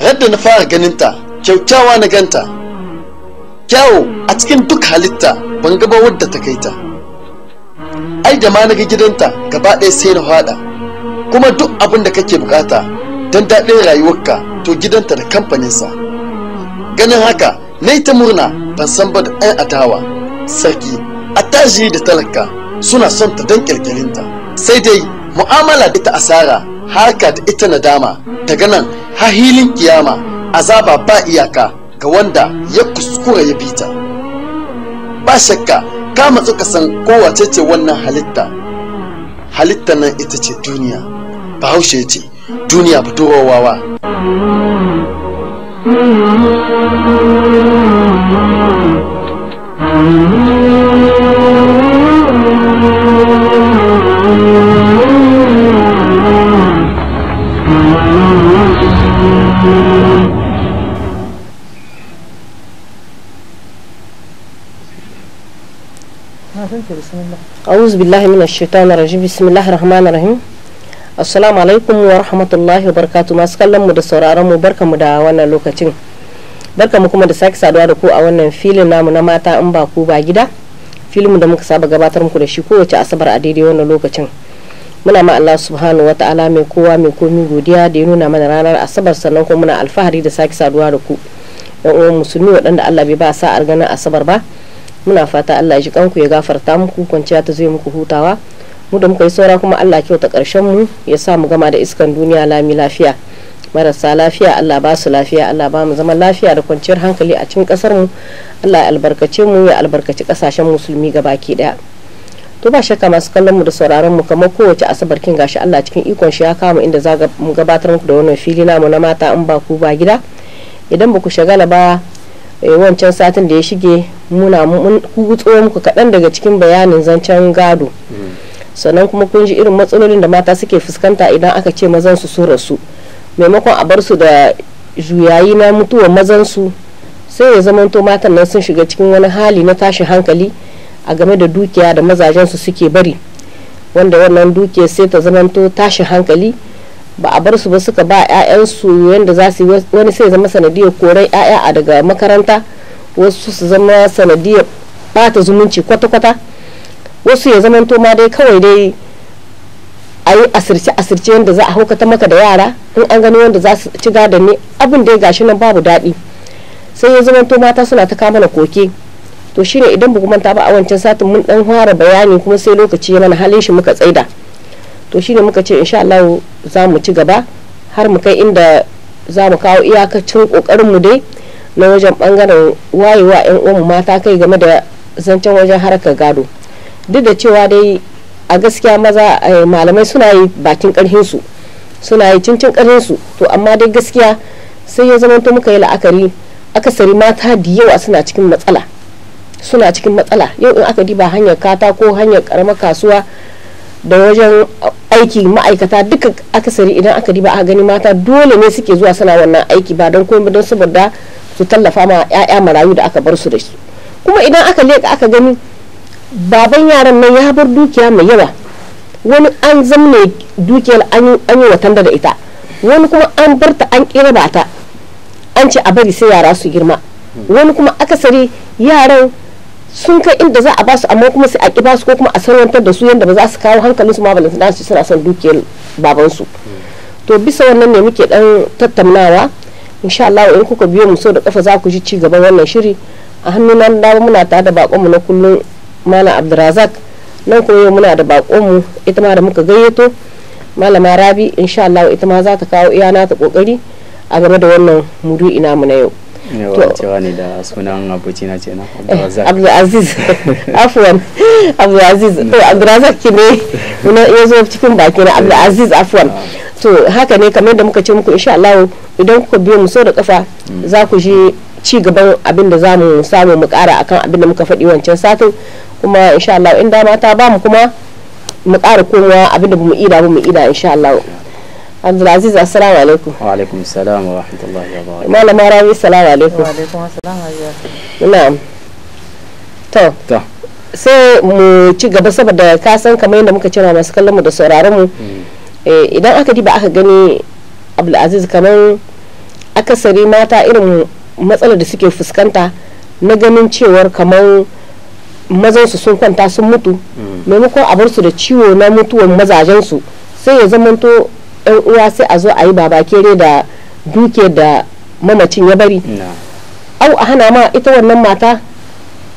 yadda na fara ganinta, kyautawa na ganta. Kyawo a cikin duk halitta ban gaba wadda ta kai ta. Ai da ma na ga gidanta gaba ɗaya sai na fada. Kuma duk abin da kake bukata don daɗin rayuwarka to gidanta da kamfaninsa. Ganin haka, na ta murna ban san ba da ɗan adawa, sarki, attajiri da talaka suna son ta don ƙirƙirinta. Sai dai mu'amala ita asara harka da ita nadama daga nan har hilin kiyama azaba ba iyaka ga wanda ya kuskura ya bita ba shakka ka matsu ka san kowace ce wannan halitta halitta nan ita ce duniya ba haushe ce duniya ba Mm-hmm. أعوذ بالله من الشيطان الرجيم بسم الله الرحمن wa rahmatullahi wa barkatu masu kallon mu da sauraron mu barka mu da wannan lokacin barka mu kuma da sake saduwa da ku a wannan filin namu na mata in ba ku ba gida filin da muka saba gabatar muku da shi kowace asabar a daidai wannan lokacin muna ma Allah subhanahu wa ta'ala mai kowa mai komi godiya da ya nuna mana ranar asabar sannan ko muna alfahari da sake saduwa da ku yan uwan musulmi waɗanda Allah bai ba sa'ar ganin asabar ba muna fata Allah ji kanku ya gafarta muku kwanciya ta zai muku hutawa mu da muka yi saura kuma Allah kyauta karshen mu ya sa mu gama da iskan duniya lami lafiya marasa lafiya Allah ba su lafiya Allah ba mu zama lafiya da kwanciyar hankali a cikin kasar mu Allah ya albarkace mu ya albarkaci ƙasashen musulmi gabaki daya to ba shakka masu kallon mu da sauraron mu kamar kowace asabar kin gashi Allah cikin ikon shi ya kama inda za mu gabatar muku da wannan fili namu na mata in ba ku ba gida idan ba ku shagala ba Eh, wancan satin da ya shige muna mun kutso muku kaɗan daga cikin bayanin zancen gado sannan kuma kun ji irin matsalolin da mata suke fuskanta idan aka ce mazan su rasu maimakon a bar su da juyayi na mutuwar mazan su sai ya zamanto matan nan sun shiga cikin wani hali na tashi hankali a game da dukiya da mazajen su suke bari wanda wannan dukiya sai ta zamanto tashi hankali ba a bar su ba suka ba 'ya'yansu yadda za su yi wani sai zama sanadiyar korai 'ya'ya a daga makaranta wasu su zama sanadiyar bata zumunci kwata-kwata wasu ya zama ma dai kawai dai a yi asirce-asirce yadda za a haukata maka da yara in an gani wanda za su ci gadon ne abin da ya gashi nan babu daɗi sai ya zama mata suna ta kama na koke to shine idan ba manta ba a wancan satin mun dan fara bayani kuma sai lokaci ya mana halin shi muka tsaida to shine muka ce insha Allah za mu ci gaba har mu kai inda za mu kawo iyakacin kokarin mu dai na wajen bangaren wayewa yan uwan mata kai game da zancen wajen harkar gado duk da cewa dai a gaskiya maza eh, malamai suna yi bakin karhin su suna yi cincin karhin su to amma dai gaskiya sai ya zama to muka yi la'akari akasari mata da yawa suna cikin matsala suna cikin matsala yau in aka diba hanyar katako hanyar karamar kasuwa da wajen aiki ma'aikata duka akasari idan aka diba a gani mata dole ne suke zuwa suna wannan aiki ba don komai don saboda su tallafa ma 'ya'ya marayu da aka bar su da su kuma idan aka leka aka gani baban yaran nan ya bar dukiya mai yawa wani an zamne dukiyar an yi watan da ita wani kuma an bar ta an ba ta an ce a bari sai yara su girma wani kuma akasari yaran sun kai inda za a ba su amma kuma sai a kiba su ko kuma a sanwantar da su yadda ba za su kawo hankalin su ma balansu da su suna son dukiyar babansu to bisa wannan ne muke dan tattaunawa insha Allah in kuka biyo mu sau da kafa za ku ji ci gaban wannan shiri a hannun nan da muna tare da bakon mu na kullun malam Abdurrazak nan kuma yau muna da bakon mu ita ma da muka gayyato malama Rabi insha Allah ita ma za ta kawo iyana ta kokari a game da wannan mudu ina mu na yau cewa ne da sunan abokina ce na eh, abdulaziz afuwan abdulaziz to abdulrazak ki ne ya zo cikin baki na abdulaziz afuwan ah. to haka ne kamar da muka ce muku insha Allah idan kuka biyo mu so da kafa hmm. za ku je ci gaban abin da za samu mu kara akan abin da muka faɗi wancan satin kuma insha Allah in dama ta ba mu kuma mu kara komawa abin da mu ida mu ida insha Allah abdulaziz assalamu alaikum wa alaikum salam wa rahmatullahi wa barakatuh malama rabi assalamu alaikum wa alaikum assalam wa na'am to to sai mu ci gaba saboda ka san kamar yadda muka cina masu kallon mu da sauraron mu hmm. eh, idan aka diba aka gani abdulaziz kamar akasari mata irin matsalar da suke fuskanta na ganin cewar kamar mazansu sun kwanta sun mutu hmm. maimakon a bar su da ciwo na mutuwan mazajensu sai ya zamanto yan uwa sai a zo a yi babakere da duke da mamacin ya bari au a hana ma ita wannan mata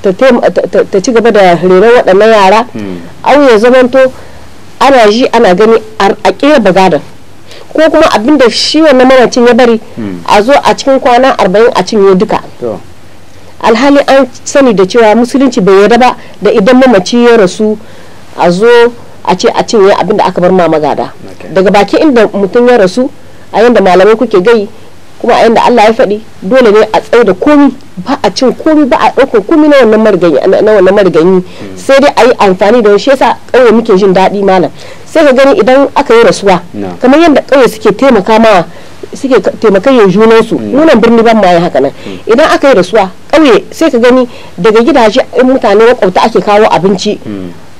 ta ci gaba da rera waɗannan yara hmm. au ya zamanto ana ji ana gani a ƙera bagadan ko kuma abinda shi wannan mamacin ya bari hmm. a zo a cikin kwana arba'in a cinye duka alhali an sani da cewa musulunci bai yarda ba da idan mamaci ya rasu a zo a ce a cinye abin da aka bar ma magada daga baki inda mutum ya rasu a yanda malamai kuke gai kuma a yanda Allah ya faɗi dole ne a tsaye da komi ba a cin komi ba a ɗaukar komi na wannan marigayi hmm. sai dai a yi amfani da shi yasa ƙauye muke jin daɗi malam sai ka gani idan aka yi rasuwa kamar yadda ƙauye suke taimaka ma suke taimakayya junansu nunan hmm. birni ban ma haka nan hmm. idan aka yi rasuwa ƙauye sai ka gani daga gidaje mutane ƙauta ake kawo abinci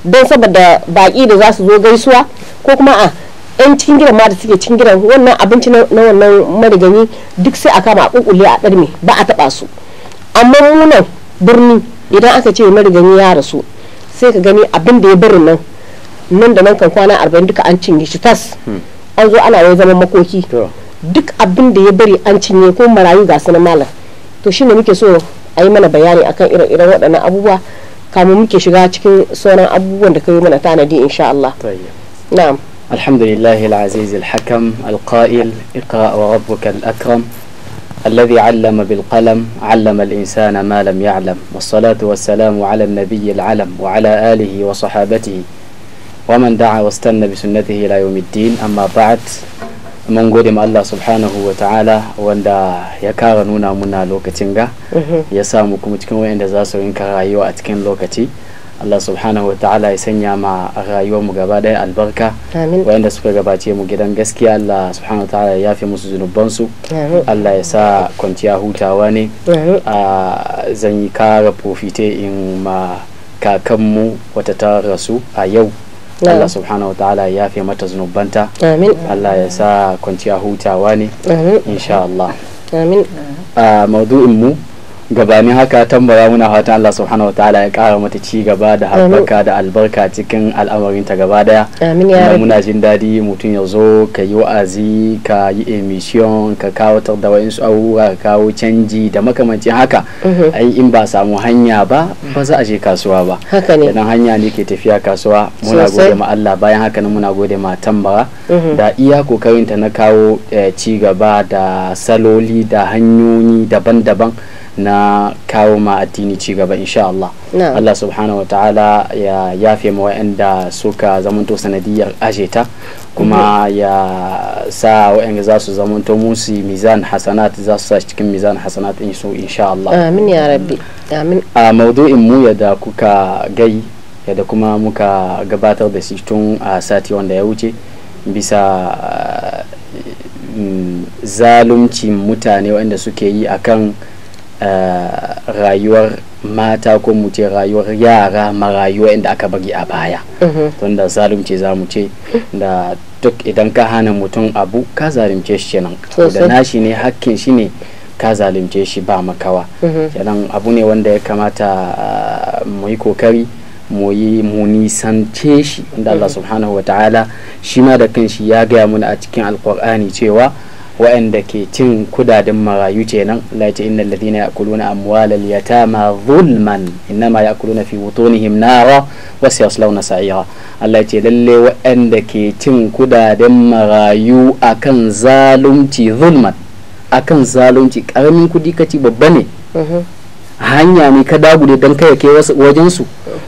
don saboda baƙi da za su zo gaisuwa ko kuma a yan cikin gidan ma da suke cikin gidan wannan abinci na wannan marigani duk sai a kama a kukule a ɗarme ba a taɓa su amma munan birni idan aka ce marigani ya rasu sai ka gani abin da ya bari nan nan da nan kan kwana arba'in duka an cinye shi tas an zo ana yau zaman makoki duk abin da ya bari an cinye ko marayu ga su na malam to shine muke so a yi mana bayani akan irin-irin waɗannan abubuwa kamun muke shiga cikin sauran abubuwan da ka yi mana tanadi insha Allah na'am الحمد لله العزيز الحكم القائل اقرأ وربك الأكرم الذي علم بالقلم علم الإنسان ما لم يعلم والصلاة والسلام على النبي العلم وعلى آله وصحابته ومن دعا واستنى بسنته إلى يوم الدين أما بعد mun gode ma Allah subhanahu wa ta'ala wanda ya kara nuna muna lokacin ga mhm. ya samu kuma cikin wayanda za su rinka rayuwa a cikin lokaci Allah subhanahu wa ta'ala ya sanya ma rayuwar mu gaba daya albarka wayanda suka gabace mu gidan gaskiya Allah subhanahu wa ta'ala ya yafe musu zunubansu Allah ya sa kwanciya hutawa ne a zan yi kara profite in ma mu wata ta rasu a yau Allah subhanahu ta'ala ya fi mata zunubanta Allah ya sa kwanciya hutawa ne insha Allah amin maudu'in mu gabanin haka tambara muna fatan Allah subhanahu wa ta'ala ya kara mata ci gaba da habbaka da albarka cikin al'amarin ta gaba daya kuma muna jin daɗi mutum ya zo ka yi wa'azi ka yi emission ka kawo da wayansu abubuwa ka kawo canji da makamancin haka mhm. ai in ba samu hanya ba ba za a je kasuwa ba dan hanya ne ke tafiya kasuwa muna gode ma Allah bayan haka nan muna gode ma tambara mhm. da iya kokarin ta na kawo eh, ci gaba da saloli da hanyoyi daban-daban na kawo ma addini ci gaba insha Allah Allah subhanahu wa ta'ala ya yafe ma wa'anda suka zamanto sanadiyar ajeta kuma mm-hmm. ya sa wa'anda za su zamanto musu mizan hasanat za su sa cikin mizan hasanat in so insha Allah amin ya rabbi amin a maudu'in mu da kuka gai yadda kuma muka gabatar da shi tun a sati wanda ya wuce bisa mm, zalunci mutane wa'anda suke yi akan Eh, rayuwar mata ko mu ce rayuwar yara ma rayuwa inda aka bari a baya mm-hmm. tunda zalunci za mu ce da duk idan ka hana mutum abu ka zalunce shi kenan da nashi ne hakkin shi ne ka zalunce shi ba makawa mm-hmm. kenan abu ne wanda ya kamata eh, mu yi kokari mu yi mu nisance shi inda Allah mm-hmm. subhanahu wa ta'ala shi ma da kanshi ya gaya mana a cikin alkur'ani cewa waɗanda ke cin kudaden marayu kenan Allah ya ce innal ladina ya'kuluna amwalal yatama zulman innama ya'kuluna fi butunihim nara wa sayaslawna sa'ira Allah ya ce lalle waɗanda ke cin kudaden marayu akan zalunci zulman akan zalunci karamin kudi kaci babba ne mhm. hanya ne ka dagule don kai ke wajen su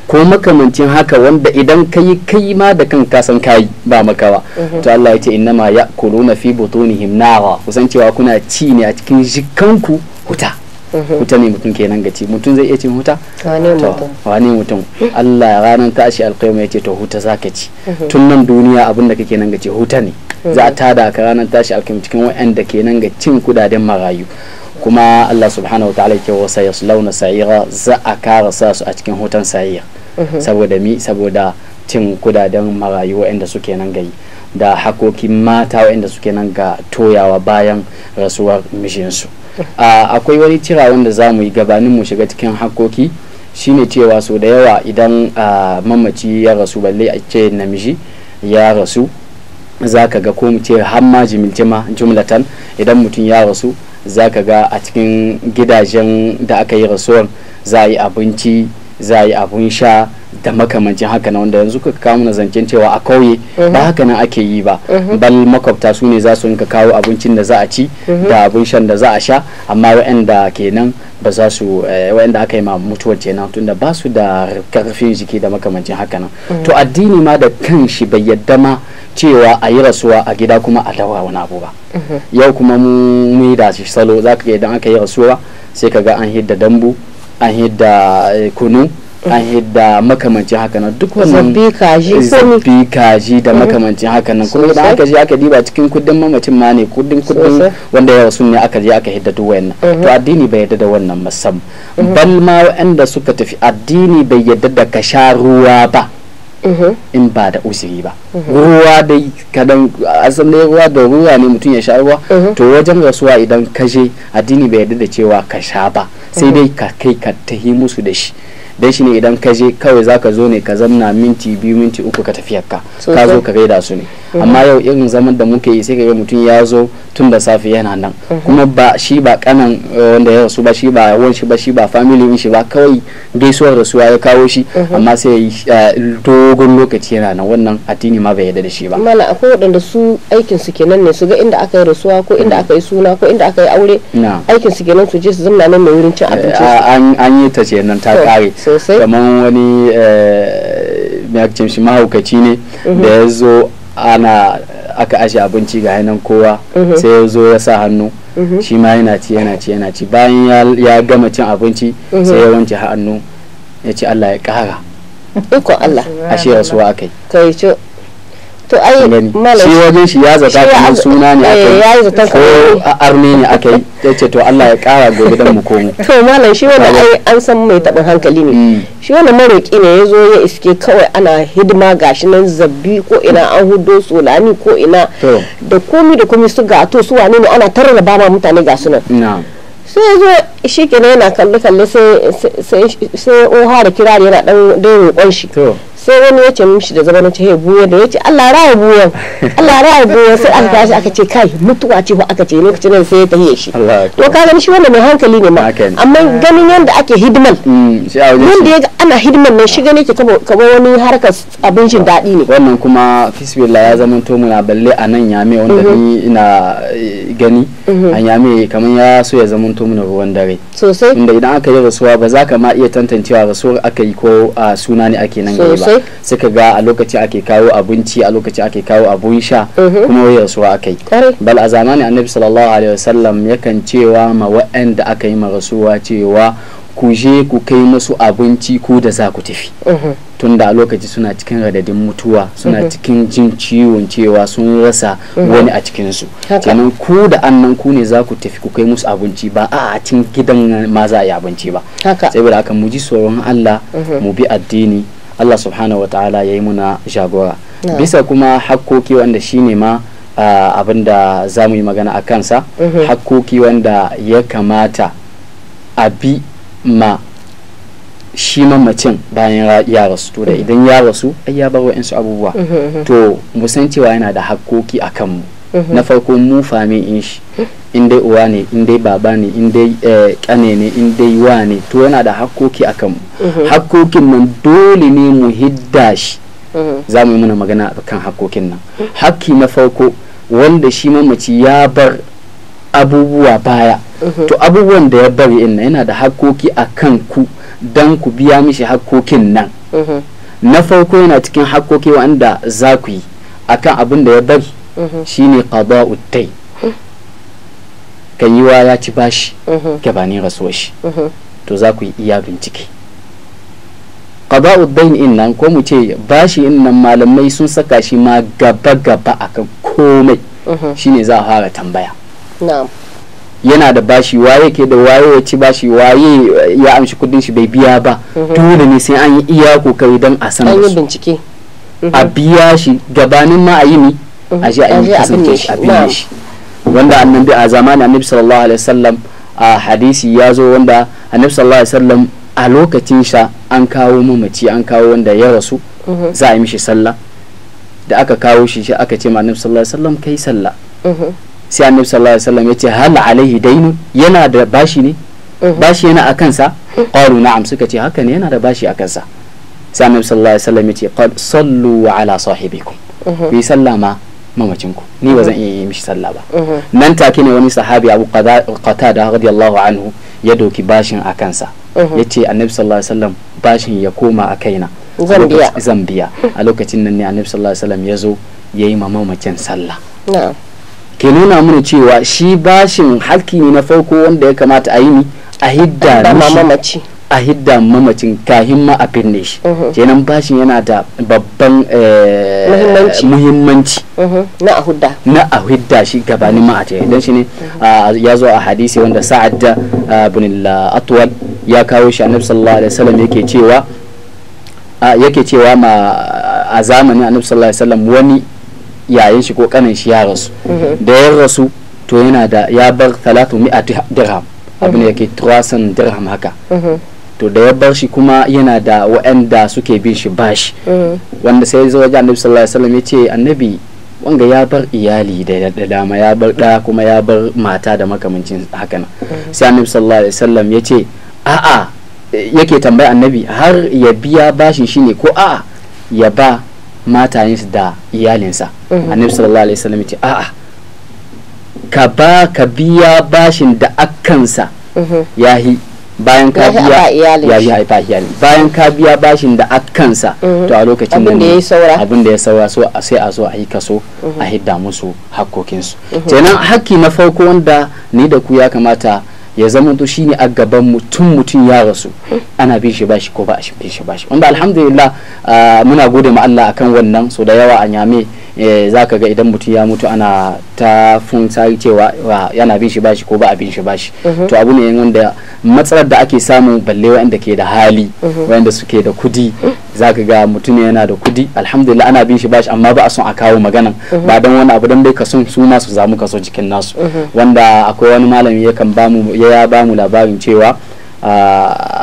ko makamancin haka wanda idan kai kai ma da kan ka san kai ba makawa mhm. to Allah ya ce inna ma yakuluna fi butunihim nara kusan cewa kuna ci ne a cikin jikanku huta huta mhm. ne mutum kenan ci mutum zai iya cin huta wane mutum Allah ranar tashi alƙayyama ya ce to huta zaka ci mhm. tun nan duniya abin da kake nan ci huta ne za a tada ka ranar tashi alƙayyama cikin waɗanda kenan ga cin kudaden marayu kuma Allah subhanahu wa ta'ala ke wasa ya launa sa'ira za a kara sa su a cikin hutan sa'ira mhm. saboda mi saboda cin kudaden marayu waɗanda suke nan gayi da hakokin mata waɗanda suke nan ga toyawa bayan rasuwar mijinsu mhm. ah, akwai wani cira wanda za mu yi gabanin mu shiga cikin hakoki shine cewa so da yawa idan ah, mamaci ya rasu balle a ce namiji ya rasu za ka ga ko mu ce har ma jumlatan idan mutum ya rasu za ka ga a cikin gidajen da aka yi rasuwar za a yi abinci za a yi abun sha da makamancin haka na wanda yanzu kuka kawo na zancen cewa a kauye ba mhm. haka nan ake yi ba mhm. bal makwabta su ne za su rinka kawo abincin da za a ci mhm. da abin shan da za a sha amma waɗanda kenan ba za su eh, waɗanda aka yi ma mutuwar kenan tunda ba su da karfin jiki da makamancin haka nan to addini ma da kan shi bai yadda ma cewa a yi rasuwa a gida kuma a dawa wani abu ba yau kuma mu yi da salo za ka idan aka yi rasuwa sai ka ga an hidda dambu an hidda eh, kunu an hidda makamancin haka nan duk wannan zafi kaji da makamancin haka nan kuma idan aka je aka diba cikin kudin mamacin ma ne kudin kudin wanda ya wasu ne aka je aka hidda duk wayannan mhm. to addini bai yadda da wannan masam mhm. bal ma wanda suka tafi addini bai yadda da ka sha ruwa ba mhm. in ba da usiri ba ruwa dai kadan asan da ruwa da ruwa ne mutum ya sha ruwa to wajen rasuwa idan ka je addini bai yadda da cewa ka sha ba sai dai ka kai ka tahi musu da shi dan shi ne idan ka je kawai zaka zo ne ka zamna minti biyu minti uku ka tafiyar ka ka zo ka gaida su ne mhm. amma yau irin zaman da muke yi sai ka ga mutum ya zo tun da safe yana nan mhm. kuma ba shi ba kanan eh, wanda ya rasu ba shi ba wan shi ba shi ba family shi ba kawai gaisuwar rasuwa ya kawo shi mhm. amma sai eh, dogon lokaci yana nan wannan addini ma bai yarda da shi ba mala akwai waɗanda su aikin su kenan ne su ga inda aka yi rasuwa ko inda aka yi suna ko inda aka yi aure aikin su kenan su je su zamna nan mai wurin cin eh, abinci an yi ta kenan ta kare sosai kamar wani uh, mahaukaci ne da mhm. ya zo ana aka ashe abinci ga hainan kowa mhm. sai ya zo ya sa hannu mhm. shi ma yana ci yana ci yana ci bayan ya gama cin abinci sai ya wanke hannu ya ce allah ya kara ikon allah ashe rasuwa aka yi to ai malam shi wajen shi ya zata kamar suna ne aka ko a arme ne aka yi ya ce to Allah ya kara gobe dan mu komo to malam shi wannan ai an san mai tabin hankali ne shi wannan maroki ne ya zo ya iske kawai ana hidima gashi nan zabbi ko ina an hudo solani ko ina da komi da komi su ga to su wane ne ana da ma mutane ga nan sai ya zo shi kenan yana kalle kalle sai sai sai oha da kirari yana dan dai roƙon shi sai wani ya ce mishi da zama na ce buwa da ya ce Allah raya buwa Allah raya buwa sai aka tashi aka ce kai mutuwa ce ba aka ce lokacin nan sai ya tahiye shi to ka gani shi wanda mai hankali ne ma amma ah. ganin yadda ake hidiman mm, wanda ya ana hidimal nan shi gane ke kaba wani harkar abincin daɗi ne wannan kuma fisbilla ya zama to muna balle a nan yame wanda mhm. ni ina eh, gani mhm. a yame kamar ya so ya zama to muna ruwan dare sosai inda idan aka yi rasuwa ba za ka ma iya tantancewa rasuwar aka yi ko ah, suna ne ake nan gaba Eh? suka ga a lokaci ake kawo abinci a lokaci ake kawo abun sha mhm. kuma rasuwa akai bal a zamanin annabi sallallahu alaihi wasallam yakan cewa ma waɗanda aka yi ma rasuwa cewa ku je ku kai musu abinci ko da za ku tafi mhm. tunda a lokaci suna cikin radadin mutuwa suna mhm. cikin jin ciwon cewa sun rasa wani a cikinsu kenan ku da annan ku ne za ku tafi ku kai musu abinci ba a cikin gidan ma za a yi abinci ba saboda haka mu ji tsoron Allah mu bi addini Allah subhanahu wa ta'ala ya yi muna jagora bisa kuma hakkoki wanda shine ma abinda da za mu yi magana a kansa mhm. hakkoki wanda ya kamata a bi ma shi mamacin bayan ya rasu to da mhm. idan ya rasu ai ya bar wa'insu abubuwa mhm, to musan cewa yana da hakkoki a kanmu na farko mu fami in shi in dai uwa ne in dai baba ne in dai kane eh, ne in dai wa ne to yana da hakkoki a kanmu mhm. hakkokin nan dole ne mu hidda shi mhm. za mu yi muna magana kan hakkokin nan hakki na farko wanda shi mamaci ya bar abubuwa baya mhm. to abubuwan da ya bari in yana da hakkoki a kan ku don ku biya mishi hakkokin nan na farko yana cikin hakkoki wanda za ku yi akan abin da ya bari Mhm. shine qada'u tay mhm. wa ya ci bashi gabanin mhm. rasuwa shi to za ku yi iya bincike kaba'u bai in nan ko mu ce bashi in nan malamai sun saka shi ma gaba gaba akan komai shine za a fara tambaya yana da bashi waye ke da waye ya ci bashi waye ya amshi kudin shi bai biya ba dole ne sai an yi iya kokari don a san an a biya shi gabanin ma a yi ni Mhm. a je a kasance shi a shi wanda annabi a zamanin annabi sallallahu alaihi wasallam a hadisi ya zo wanda annabi sallallahu alaihi wasallam a lokacin sha an kawo mamaci an kawo wanda ya rasu mhm. za a yi mishi sallah da aka kawo shi shi aka ce ma annabi sallallahu alaihi wasallam kai sallah mhm. sai annabi sallallahu alaihi wasallam ya ce hal alaihi dainu yana da bashi ne bashi yana a kansa qalu na'am suka ce haka ne yana da bashi a kansa sai annabi sallallahu alaihi wasallam ya ce sallu ala sahibikum bi sallama mamacinku ni ba zan iya yi mishi sallah ba mhm. nan take ne wani sahabi abu qatada radiyallahu anhu ya doki bashin a kansa mhm. ya ce annabi sallallahu alaihi wasallam bashin ya koma a kaina biya a lokacin nan ne annabi sallallahu alaihi wasallam ya zo ya yi mamacin sallah ke nuna mana cewa shi bashin halki ne na farko wanda ya kamata a yi ni a hidda mamaci a hidda mamacin kahin ma a finne shi mhm. kenan bashin yana da babban eh, muhimmanci mhm. na ahudda na ahudda shi gabanin ma a ce idan shi ne mhm. ya zo a hadisi wanda sa'ad bin atwal ya kawo shi annabi sallallahu alaihi wasallam yake cewa yake cewa ma a zamanin annabi sallallahu alaihi wasallam wani yayin shi ko kanin shi ya rasu da ya rasu to yana da ya bar 300 dirham abin da yake 300 dirham haka to da ya bar shi kuma yana da wa'anda suke bin shi bashi mm. wanda sai zo wajen annabi sallallahu alaihi wasallam yace annabi wanga ya bar iyali da dama ya bar da kuma ya bar mata da makamancin nan mm. sai annabi sallallahu alaihi wasallam yace a'a yake tambaya annabi har ya biya bashin shine ko a'a ya ba matayinsa da iyalinsa mm. annabi sallallahu alaihi wasallam yace a'a ka ba ka biya bashin da akansa mm-hmm. yahi bayan ka biya ya yi haifa iyali bayan ka biya bashin da akkansa mm-hmm. to a lokacin da ne abin da ya saura so a sai a zo a yi kaso a mm-hmm. hidda musu hakkokinsu mm-hmm. kenan hakki na farko wanda ni da ku ya kamata ya zama to shine a gaban mutum mutum ya rasu ana bin shi bashi ko ba a bin shi bashi wanda alhamdulillah ah, muna gode ma Allah akan wannan so da yawa a nyame eh, zaka ga idan mutum ya mutu ana ta fun tsari cewa yana bin shi bashi ko ba a bin shi bashi mhm. to abu ne wanda matsalar da ake samu balle wanda ke da hali mhm. wanda suke da kudi mhm. zaka ga mutum yana da kudi alhamdulillah ana bin shi bashi amma ba a son a kawo magana ba dan wani abu dan dai ka son su ma su zamu kaso cikin nasu wanda akwai wani malami yakan bamu ya ya ba mu labarin cewa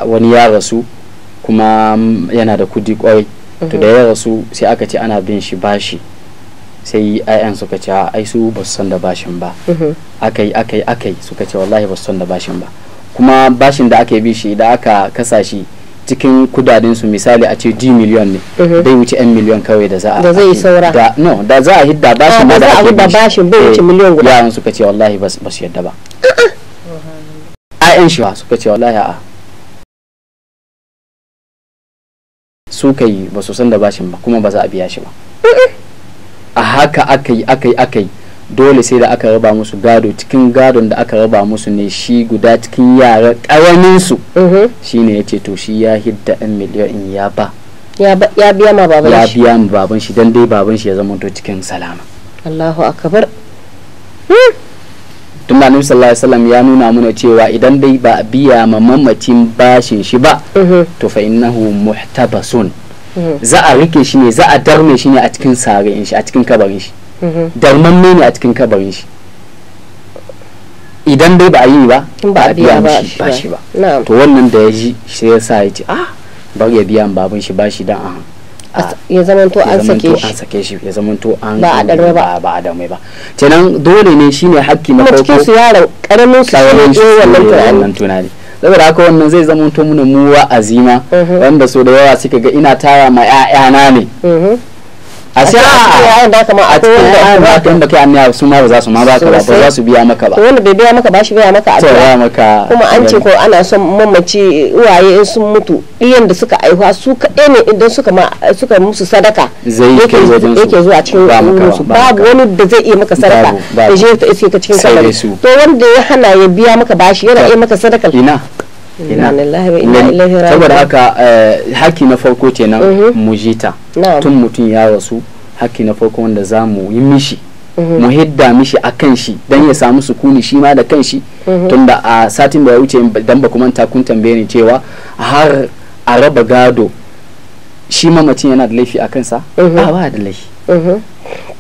wani ya rasu kuma yana da kudi kwarai to da ya rasu sai aka ce ana bin shi bashi sai ayan suka ce ai su ba su san da bashin ba mhm. akai akai akai suka ce wallahi ba su san da bashin ba kuma bashin da aka bi shi da aka kasa shi cikin kudaden su misali a ce d miliyon ne mhm. bai wuce yan miliyon kawai da za a da zai saura da no da za a hidda ah, bashin da za a hidda bashin bai wuce eh, miliyon guda yaran suka ce wallahi ba su yadda ba uh-uh. 'ya'yan shi suka ce wallahi a'a su kai ba su san da bashin ba kuma ba za a biya shi ba eh, eh. a haka aka yi aka yi aka yi dole sai da aka raba musu gado cikin gadon da aka raba musu ne shi guda cikin yara ƙaramin su mm-hmm. shi ne ya ce to shi ya hidda ɗan miliyan ya ba ya biya ma baban shi ya biya ma baban shi dan dai baban shi ya zama to cikin salama Allahu akbar hmm. tunda annabi sallallahu alaihi wasallam ya nuna mana cewa idan dai ba a biya ma mamacin bashin shi ba mhm. to fa innahu muhtabasun mhm. za a rike shi ne za a darme shi ne a cikin in shi a cikin kabarin shi mhm. darman ne a cikin kabarin shi idan dai ba a yi ba ba a biya mishi bashi ba to wannan da ya ji shi ya sa ya ce ah bar ya biya babun shi bashi dan a ya zamanto an sake shi ya an sake shi ya zamanto an ba a darbe ba ba a darbe ba kenan dole ne shine hakki na farko su yaro karamin su ne wannan tunani saboda haka wannan zai zamanto mana mu azima mhm. wanda so da yawa suka ga ina tara ma 'ya'yana ne mhm. a sai a a da kama a cikin da ba ka inda kai anniya su ma ba za su ma ba ka ba ba za su biya maka ba to wanda bai biya maka ba shi biya maka a biya maka kuma an ce ko ana son mamaci uwaye in sun mutu ɗiyan da suka aihuwa su kaɗai ne idan suka ma suka musu sadaka yake zuwa cikin musu babu wani da zai iya maka sadaka da je ta iske ka cikin kabari to wanda ya hana ya biya maka bashi yana iya maka sadaka ina ina saboda haka eh, haki na farko kenan mm-hmm. mujita tun mutum ya rasu haƙƙi na farko wanda za mu yi mishi mhm. mu hidda mishi a kan shi don ya samu sukuni shi ma da kan shi mhm. tunda a satin da ya wuce dan ba kuma kun tambaye ni cewa har a raba gado shi mamacin yana da laifi a kansa mhm. a ba da laifi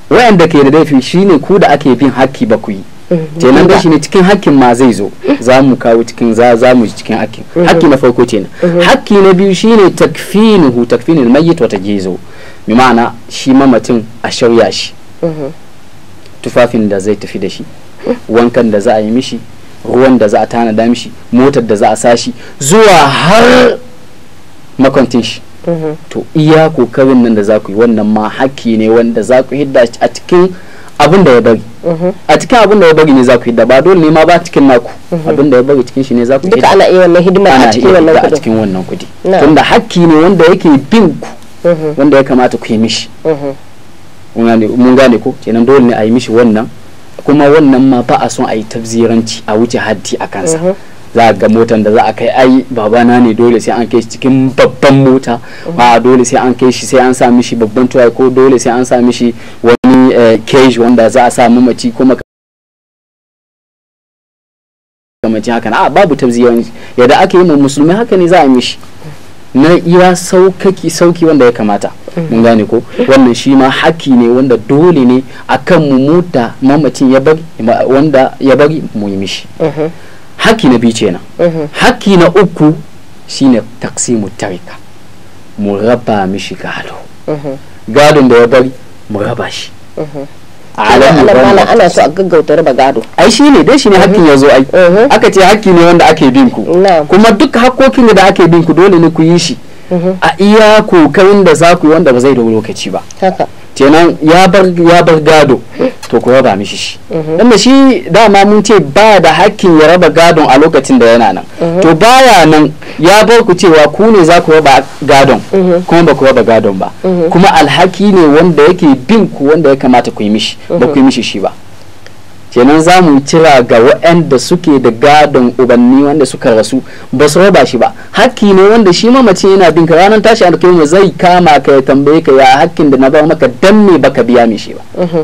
wayanda ke da laifi shine ku da ake bin haƙƙi ba Mm-hmm. kenan da shi ne cikin hakkin ma zai zo mm-hmm. za mu kawo cikin za za mu cikin hakkin mm-hmm. hakki na farko kenan hakki na biyu shine takfinuhu takfinul mayyit wa tajizu bi ma'ana shi mamacin a shauya shi tufafin da zai tafi da shi wankan da za a yi mishi ruwan da za a tanada mishi motar da za a sashi zuwa har makwantin shi to iya kokarin nan da za ku yi wannan ma hakki ne wanda za ku hidda a cikin abin da ya bari mhm. a cikin abin da ya bari ne za ku yi da ba dole ne ma ba cikin naku mhm. abin da ya bari cikin shi ne za ku yi duka ana iya wannan hidima a cikin wannan kudi a cikin wannan kudi tunda hakki ne wanda yake bin ku mhm. wanda ya kamata ku yi mishi mun gane ko kenan dole ne a yi mishi wannan kuma wannan ma ba a son a yi tabziranci a wuce haddi a kansa za ga motan da za a kai ai babana ne dole sai an kai shi cikin babban mota ba dole sai an kai shi sai an sa mishi babban tuwai ko dole sai an sa mishi wani eh, cage wanda za a sa mamaci kuma kamaci haka a babu tabziyanci yadda ake yi musulmi haka ne za a mishi na iya saukaki sauki wanda ya kamata mun gane ko wannan shi ma haki ne wanda dole ne akan mu mota mamacin ya bari wanda ya bari mu yi mishi uhuh. hakki na biyu kenan mhm. hakki na uku shine taksimu tarika mu raba mishi gado mhm. gadon da ya bari mu raba shi mhm. ana so a gaggauta raba gado ai shi ne dai shi ne hakkin ya zo ai aka ce hakki ne wanda ake bin ku kuma duk hakkokin da ake bin ku dole ne ku yi shi a iya kokarin da za ku yi wanda ba zai da lokaci ba kenan ya bar ya bar gado to ku raba mishi shi mhm. dan shi dama mun ce ba da hakkin ya raba gadon a lokacin da yana nan mhm. to baya nan ya bar ku cewa ku ne za ku raba gadon mhm. kuma ba ku raba gadon ba kuma alhaki ne wanda yake bin ku wanda ya kamata ku yi mishi ba ku yi mishi shi ba kenan za mu cira ga waɗanda suke da gadon ubanni wanda suka rasu ba su raba shi ba hakki ne wanda shi mamaci yana bin ka ranar tashi kai zai kama ka ya tambaye ka ya hakkin da na ba maka dan me baka biya mi shi ba mhm.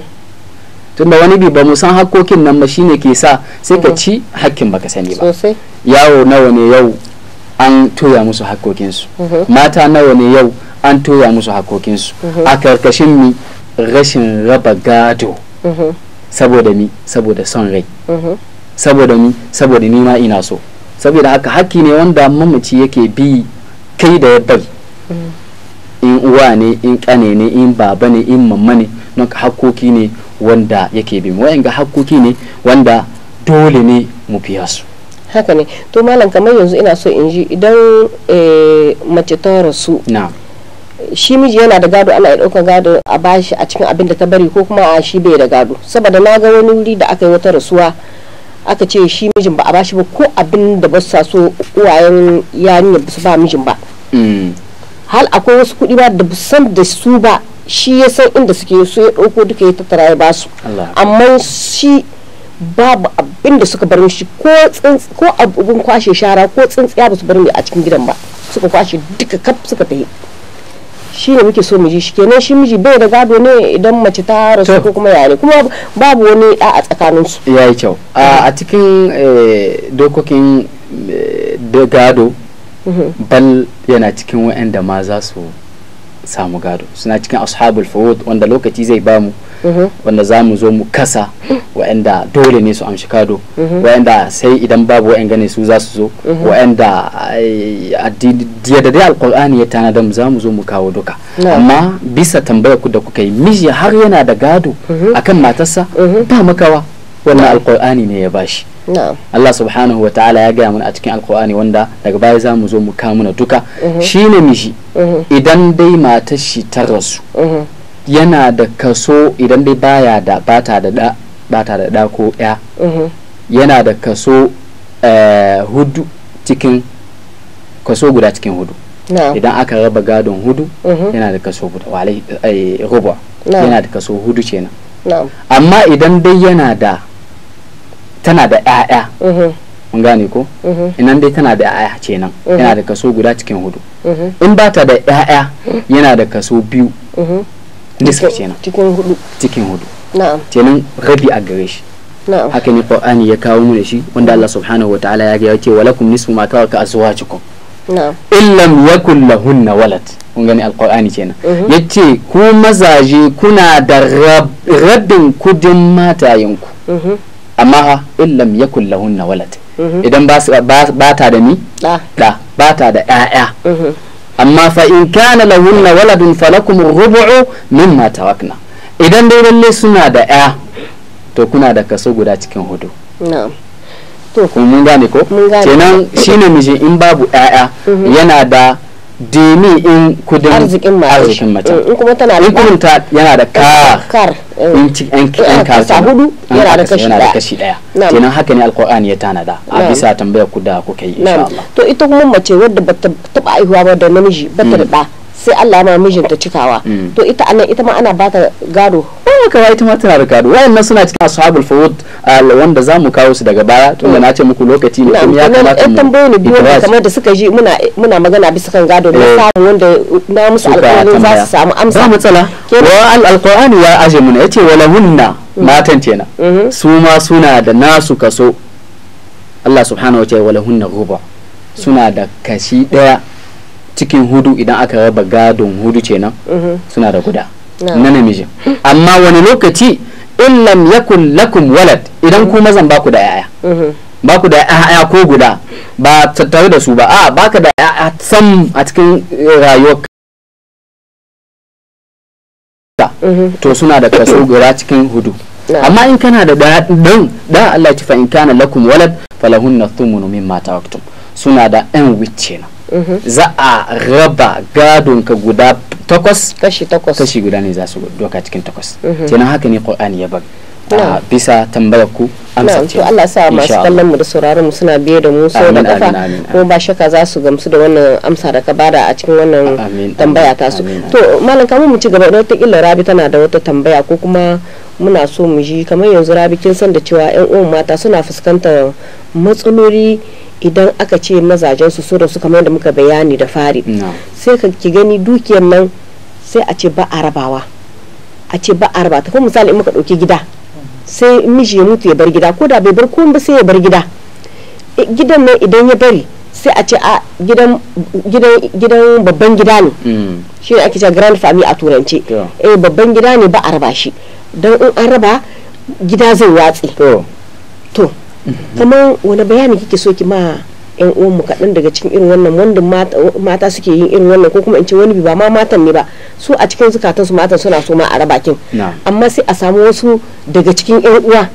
tun da wani bi ba mu san hakkokin nan ba shine ke sa sai ka mhm. ci hakkin baka sani ba yawo nawa ne yau an toya musu hakkokinsu mhm. mata nawa ne yau an toya musu su a karkashin mi rashin raba gado saboda mi saboda son rai saboda mi saboda ni ma ina so saboda haka hakki ne wanda mamaci yake bi kai da ya bai in uwa ne in kane ne in baba ne in mamma ne don hakkoki ne wanda yake bi wayan ga hakkoki ne wanda dole ne mu biya su haka ne to malam kamar yanzu ina so in ji idan eh, mace ta rasu shi miji yana da gado ana ɗaukar gado a bashi a cikin abin da ta bari ko kuma a shi bai da gado saboda na ga wani wuri da aka yi wata rasuwa aka ce shi mijin ba a bashi ba ko abin da ba sa so uwayen yarinya ba su ba mijin ba mm. hal akwai wasu kuɗi ba da san da su ba shi ya san inda suke so ya dauko duka ya tattara ya basu amma shi babu abin da suka bar shi ko ko kwashe shara ko tsintsiya ba su bar mai a cikin gidan ba suka kwashe duka kaf suka tafi shi ne muke so mu ji shi kenan shi miji bai da gado ne idan mace ta rasu ko kuma yare kuma babu wani a tsakanin su ya yi kyau a cikin eh, dokokin eh, da gado mhm. bal yana cikin wa'anda ma za su samu gado suna cikin ashabul fawud wanda lokaci zai bamu mhm. wanda za mu zo mu kasa wa'anda dole ne su amshi kado mhm. wa'anda sai idan babu wa'an ne su za su zo mhm. wa'anda da dai alkur'ani ya tana mu za mu zo mu kawo duka amma bisa tambayar ku da kuka yi miji har yana da gado mhm. akan matarsa ba makawa wannan alkur'ani ne ya bashi Allah subhanahu wa ta'ala ya gaya mana a cikin alkur'ani wanda daga baya za mu zo mu kawo muna duka shine miji idan dai matar shi ta rasu yana da kaso idan dai baya da bata da ba ta da ɗa ko ɗaya mm-hmm. yana da kaso eh, hudu cikin kaso guda cikin hudu idan aka raba gadon hudu mm-hmm. yana da kaso guda walai eh, ruba yana da kaso hudu kenan amma idan dai yana da tana da ƴaƴa mm-hmm. mun gane ko inan dai tana da ƴaƴa kenan yana da kaso guda cikin hudu in ba ta da ƴaƴa yana da kaso biyu niska kenan cikin hudu kenan rabi a gare shi haka ne qur'ani ya kawo mu da shi wanda Allah subhanahu wa ta'ala ya ga yake walakum nisfu ma taraka azwajukum in lam lahunna walad kun gani alqur'ani kenan mhm. yace ku mazaje kuna da rabin kudin matayenku mhm. amma ha in lam lahunna walad mhm. idan ba ta da ni da ba ta da ƴaƴa amma fa in kana lahunna waladun falakum rubu'u mimma tarakna idan dai lalle suna da ya to kuna da kaso guda cikin hudu to mun gane ko kenan shi miji in babu ya'ya mhm. yana da demi in kudin arzikin mace mm, in kuma tana da kudin ta yana da kar eh. in ci an kasa hudu yana da kashi daya kenan haka ne alqur'ani ya tanada a bisa tambayar ku da kuka yi insha Allah to ita kuma mace wadda bata taba aihuwa ba da namiji bata da sai Allah ma mijinta cikawa mm. to ita anan ita ma ana baka gado haka wai ita ma tana da gado wayannan suna cikin ashabul fawud ah, wanda za mu kawo su daga baya tunda mm. na ce muku lokaci ne kuma ya kamata mu tambaye ne biyo kamar da suka ji muna muna magana bisa kan gado da eh. samu wanda na musu alƙawarin za su samu amsa ba matsala wa alqur'ani ya aje mun yace wala hunna mm. matan kenan mm-hmm. su ma suna da nasu kaso Allah subhanahu wa ta'ala wala hunna ruba suna da kashi daya cikin hudu idan aka raba gadon hudu kenan mhm. suna da guda na namijin amma wani lokaci in lam yakun lakum walad idan ku mhm. mazan baku ku da yaya mhm. ba da yaya ko guda ba tattare da su ba a baka da yaya sam a cikin eh, rayuwar to suna da kaso guda cikin hudu amma in kana da dan da Allah ya tafa in kana lakum walad falahunna thumnu mimma tawaktum suna da ɗan wicce na Mhm. za a raba gadon ka guda takwas kashi takwas kashi guda ne za su doka cikin takwas mhm. kenan haka ne qur'ani ya bar. bisa tambayar ku amsa ce Allah sa masu kallon mu da sauraron mu suna biye da mu so da kafa kuma ba shakka za su gamsu da wannan amsa da ka bada a cikin wannan tambaya ta su to malam kamar mu ci gaba da wata illa rabi tana da wata tambaya ko kuma muna so mu ji kamar yanzu rabi kin san da cewa yan uwan mata suna fuskantar matsaloli idan aka ce mazajen su su rasu kamar da muka bayani da fari sai ka ki gani dukiyar nan sai a ce ba a rabawa a ce ba a raba ta misali in muka ɗauki gida sai miji ya mutu ya bar gida ko da bai bar komai ba sai ya bar gida gidan nan idan ya bari sai a ce a gidan babban gida ne mm. shi ne ake cewa grand family a turance eh babban gida ne ba a raba shi don in an raba gida zai watsi to kuma wani bayani kike so ki ma yan mu kaɗan daga cikin irin wannan wanda mata suke yin irin wannan ko kuma in ce wani bi ba ma matan ne ba su a cikin zukatansu matan suna so ma a raba kin amma sai a samu wasu daga cikin yan uwa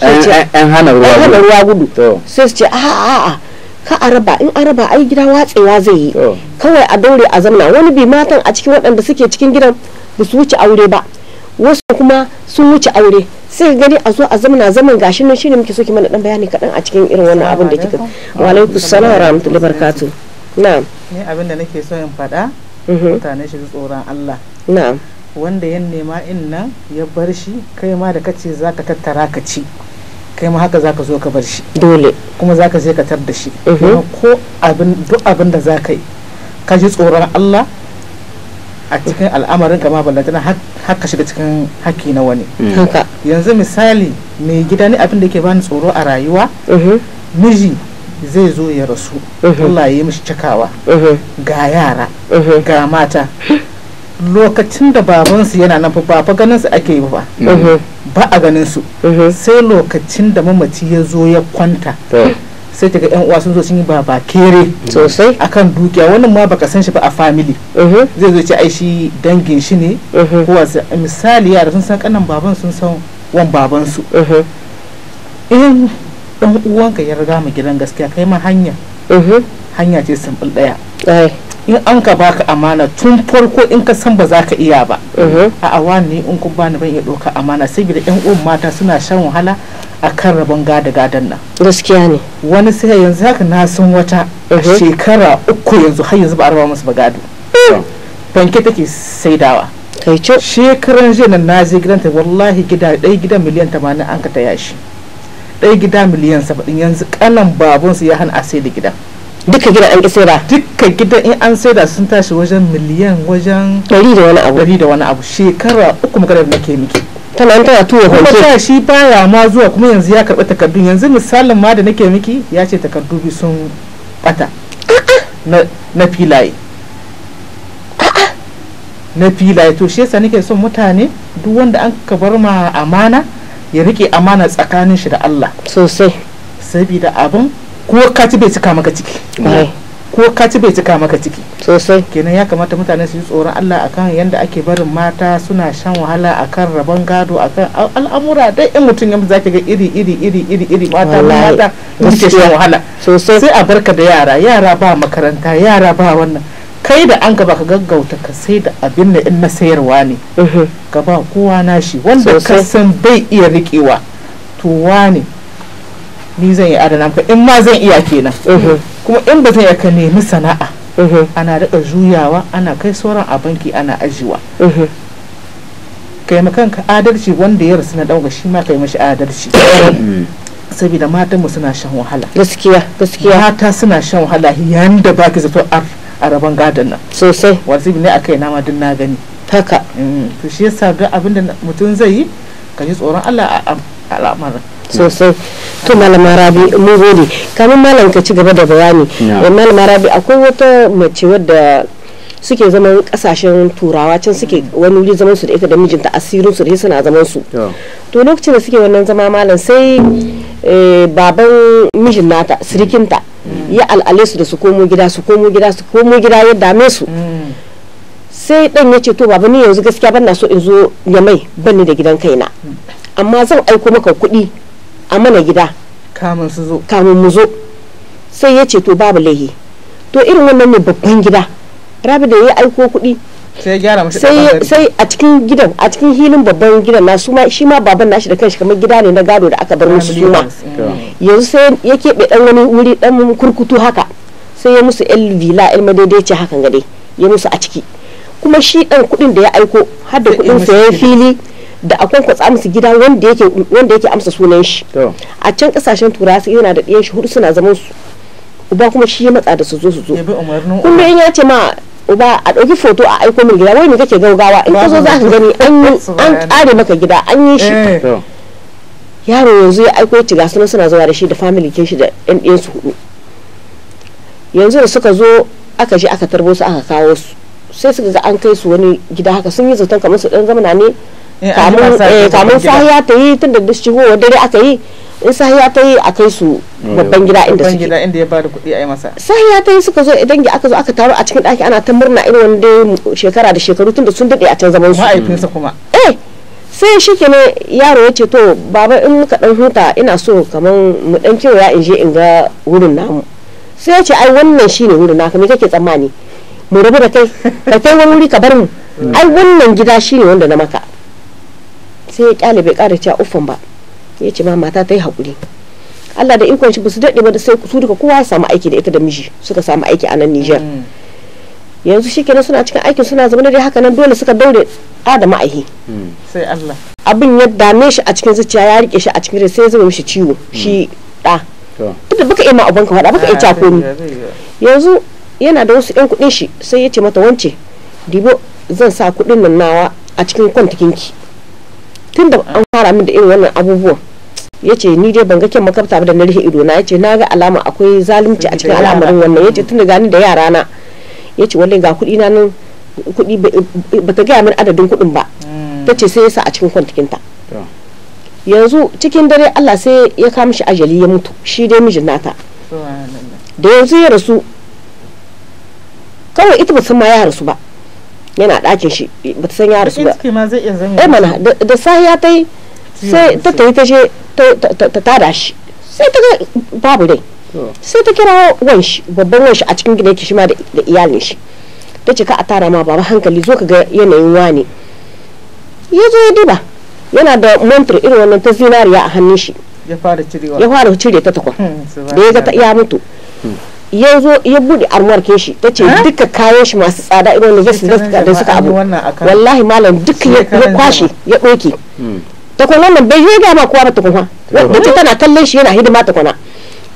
an hana ruwa gudu sai su ce a a a ka a raba in a raba ai gida watsewa zai yi kawai a daure a zamna wani bi matan a cikin waɗanda suke cikin gidan ba su wuce aure ba wasu kuma sun wuce aure sai gani a zo a zamana zaman gashi nan shine muke so ki mana dan bayani kadan a cikin irin wannan abin da kika wa alaikum salam wa rahmatullahi barakatuh na'am ni abin da nake so in faɗa mhm. mutane shi tsoron Allah na'am wanda ya nema in nan ya bar shi kai ma da kace zaka tattara ka ci kai ma haka zaka zo ka bar shi dole kuma zaka je ka tar da shi mhm. ko abin duk abin da zaka yi ka ji tsoron Allah a cikin al'amarin kama ballantana haka shiga cikin haƙƙi na wani mm. yanzu misali mai gida ne abin da ke bani tsoro a rayuwa mm-hmm. miji zai zo ya rasu mm-hmm. Allah ya yi mishi cikawa mm-hmm. ga yara ga mata lokacin da babansu yana nan ba fa ganin su ake yi ba ba a ganin su sai lokacin da mamaci ya zo ya kwanta mm. sai ta ga yan uwa sun zo sun yi ba ba kere sosai akan dukiya wannan ma baka san shi ba a family zai zo ce ai dangin shi ne ko misali yara sun san kanan baban sun san wan baban su in dan uwanka ya riga mu gidan gaskiya kai ma hanya hanya ce simple daya in an ka baka amana tun farko in ka san ba za ka iya ba mhm. a awani in kun bani ban iya ɗauka amana sai saboda yan uwan mata suna shan wahala a kan rabon gada gadan nan gaskiya ne wani sai yanzu haka na san wata mhm. shekara uku yanzu har yanzu ba a raba musu ba gado banke mm. take saidawa shekaran jiya nan na je gidanta wallahi gida ɗaya gida miliyan tamanin an ka taya shi ɗaya gida miliyan saba'in yanzu kalan babunsu ya hana a sai da gida. duka gida an kisira duka gidan in an saida sun tashi wajen miliyan wajen dari da wani abu dari da wani abu shekara uku da nake miki tana tana tuwa kwanci kuma tashi baya ma zuwa kuma yanzu ya karɓi takardu yanzu misalin ma da nake miki ya ce takardu bi sun bata na filaye na filaye to shi yasa nake son mutane duk wanda an ka bar ma amana ya rike amana tsakanin shi da Allah sosai sabida abin ko kati bai cika maka ciki eh, ko kati bai cika maka ciki sosai kenan ya kamata mutane su yi tsoron Allah akan yanda ake barin mata suna shan wahala akan rabon gado akan al'amura dai in mutum ya zaki ga iri iri iri iri iri mata mata muke shan wahala sosai sai a barka da yara yara ba makaranta yara ba wannan kai da an gaba ka gaggauta ka sai da abin da in na sayarwa ne mhm. ka ba kowa nashi wanda ka bai iya riƙewa to wane ni zan yi adana ka in ma zan iya kenan kuma in ba zan iya ka nemi sana'a ana rika juyawa ana kai sauran a banki ana ajiwa kai kanka adalci wanda ya rasu na dauka shi ma kai mashi adalci saboda matan mu suna shan wahala gaskiya gaskiya hata suna shan wahala da baki zato a rabon gadon nan sosai wasu ne a kai na ma duk na gani haka mm, to shi yasa ga abinda mutum zai yi ka ji tsoron Allah a al'amarin sosai to malama rabi mu gode kamin malam ka ci gaba da bayani eh, malama rabi akwai wata mace wadda suke zaman kasashen turawa can suke wani wuri zaman su da ita da mijinta asirin su da suna zaman su to lokacin da suke wannan zama malam sai eh, baban mijin nata sirikinta ya al'ale su da su komo gida su komo gida su komo gida ya dame su mm. sai dan ya ce to baba ni yanzu gaskiya ban na so in zo ya mai ban ni da gidan kaina hmm. amma zan aiko maka kuɗi a mana gida kamun zo kamun mu zo sai ya ce to babu laihi to irin wannan ne babban gida rabi da ya aiko kuɗi sai gyara sai a cikin gidan a cikin hilin babban gidan na suma shi ma baban nashi da kanshi kamar gida ne na gado da aka bar musu suma eh. yanzu sai ya keɓe dan wani wuri dan kurkutu haka sai ya musu el villa el madaidaiciya hakan gade ya musu a ciki kuma shi dan kuɗin da ya aiko har da kudin sayan fili da akwai kwatsa musu gida wanda yake amsa sunan shi a can kasashen turawa sai yana da ɗiyan shi hudu suna zaman su uba kuma shi ya matsa da su zo su zo kuma in ya ce ma uba a ɗauki foto a aiko min gida wai me kake gaugawa in ka zo za ka gani an an maka gida an yi shi eh. yaro yanzu ya aiko ya ga sunan suna zuwa da shi da family kin shi da yan ɗiyan su hudu yanzu da suka zo aka je aka tarbo su aka kawo su sai su ga an kai su wani gida haka sun yi zaton kamar su dan zamana ne eh, kamun eh, sahiya ta yi tun da duk shigowar dare aka yi in sahiya ta yi a kai su eh, babban gida inda suke gida inda ya bada kuɗi a yi masa sahiya ta yi suka zo idan ga aka zo aka taru a cikin ɗaki ana ta murna irin wanda shekara da shekaru tun da sun daɗe a can zaman su ma'aifinsa kuma eh sai shi ne yaro ya ce to baba in muka dan huta ina so kamar mu dan ya in je in ga wurin namu sai ya ce ai wannan shine wurin naka me kake tsammani mu rabu da kai ka kai wani wuri ka bar mu ai wannan gida ne wanda na maka sai ya kyale bai kara cewa uffan ba ya ce ma mata ta yi haƙuri Allah da ikon shi ba su daɗe ba sai su duka kowa ya samu aiki da ita da miji suka samu aiki a nan Nijar mm. yanzu shi kenan suna cikin aikin suna zama dai haka nan dole suka daure adama ahi mm. sai Allah abin ya dame shi a cikin zuciya ya rike shi a cikin rai sai ya zama mishi ciwo shi mm. da baka iya ma abin faɗa baka iya ah, cakomi yanzu yana da wasu 'yan kuɗin shi sai ya ce mata wance dibo zan sa kuɗin nan nawa a cikin kwantikinki tun da an fara min da irin wannan abubuwan ya ce ni dai ban ga kyan makabta ba da na rihe ido na ya ce na ga alama akwai zalunci a cikin al'amarin wannan ya ce tun da gani da yara na ya ce wallahi ga kuɗi na nan kuɗi ba ta gaya min adadin kuɗin ba ta ce sai ya sa a cikin kwantikinta yanzu cikin dare Allah sai ya kama shi ajali ya mutu shi dai mijin nata da yanzu ya rasu kawai ita ba san ma ya rasu ba yana ɗakin shi ba ta san ya rasu ba ai eh mana da sai ya ta yi sai ta ta yi ta je ta tada shi sai ta ga babu dai hmm. sai ta kira wanshi babban wanshi a cikin gidan shi ma da iyalin shi ta ce ka a tara ma babu hankali zo ka ga yanayin wani ya zo ya diba yana da mantar irin wannan ta zinariya a hannun shi ya fara cire ta takwa hmm, da ya ga ta iya mutu hmm. ya zo ya bude armuwar shi ta ce duka kayan shi masu tsada irin da da suka abu wallahi malam duka ya kwashe ya doke ta kwanan nan bai yi gama kowa ba ta da ta tana kallon shi yana hidima ta kwana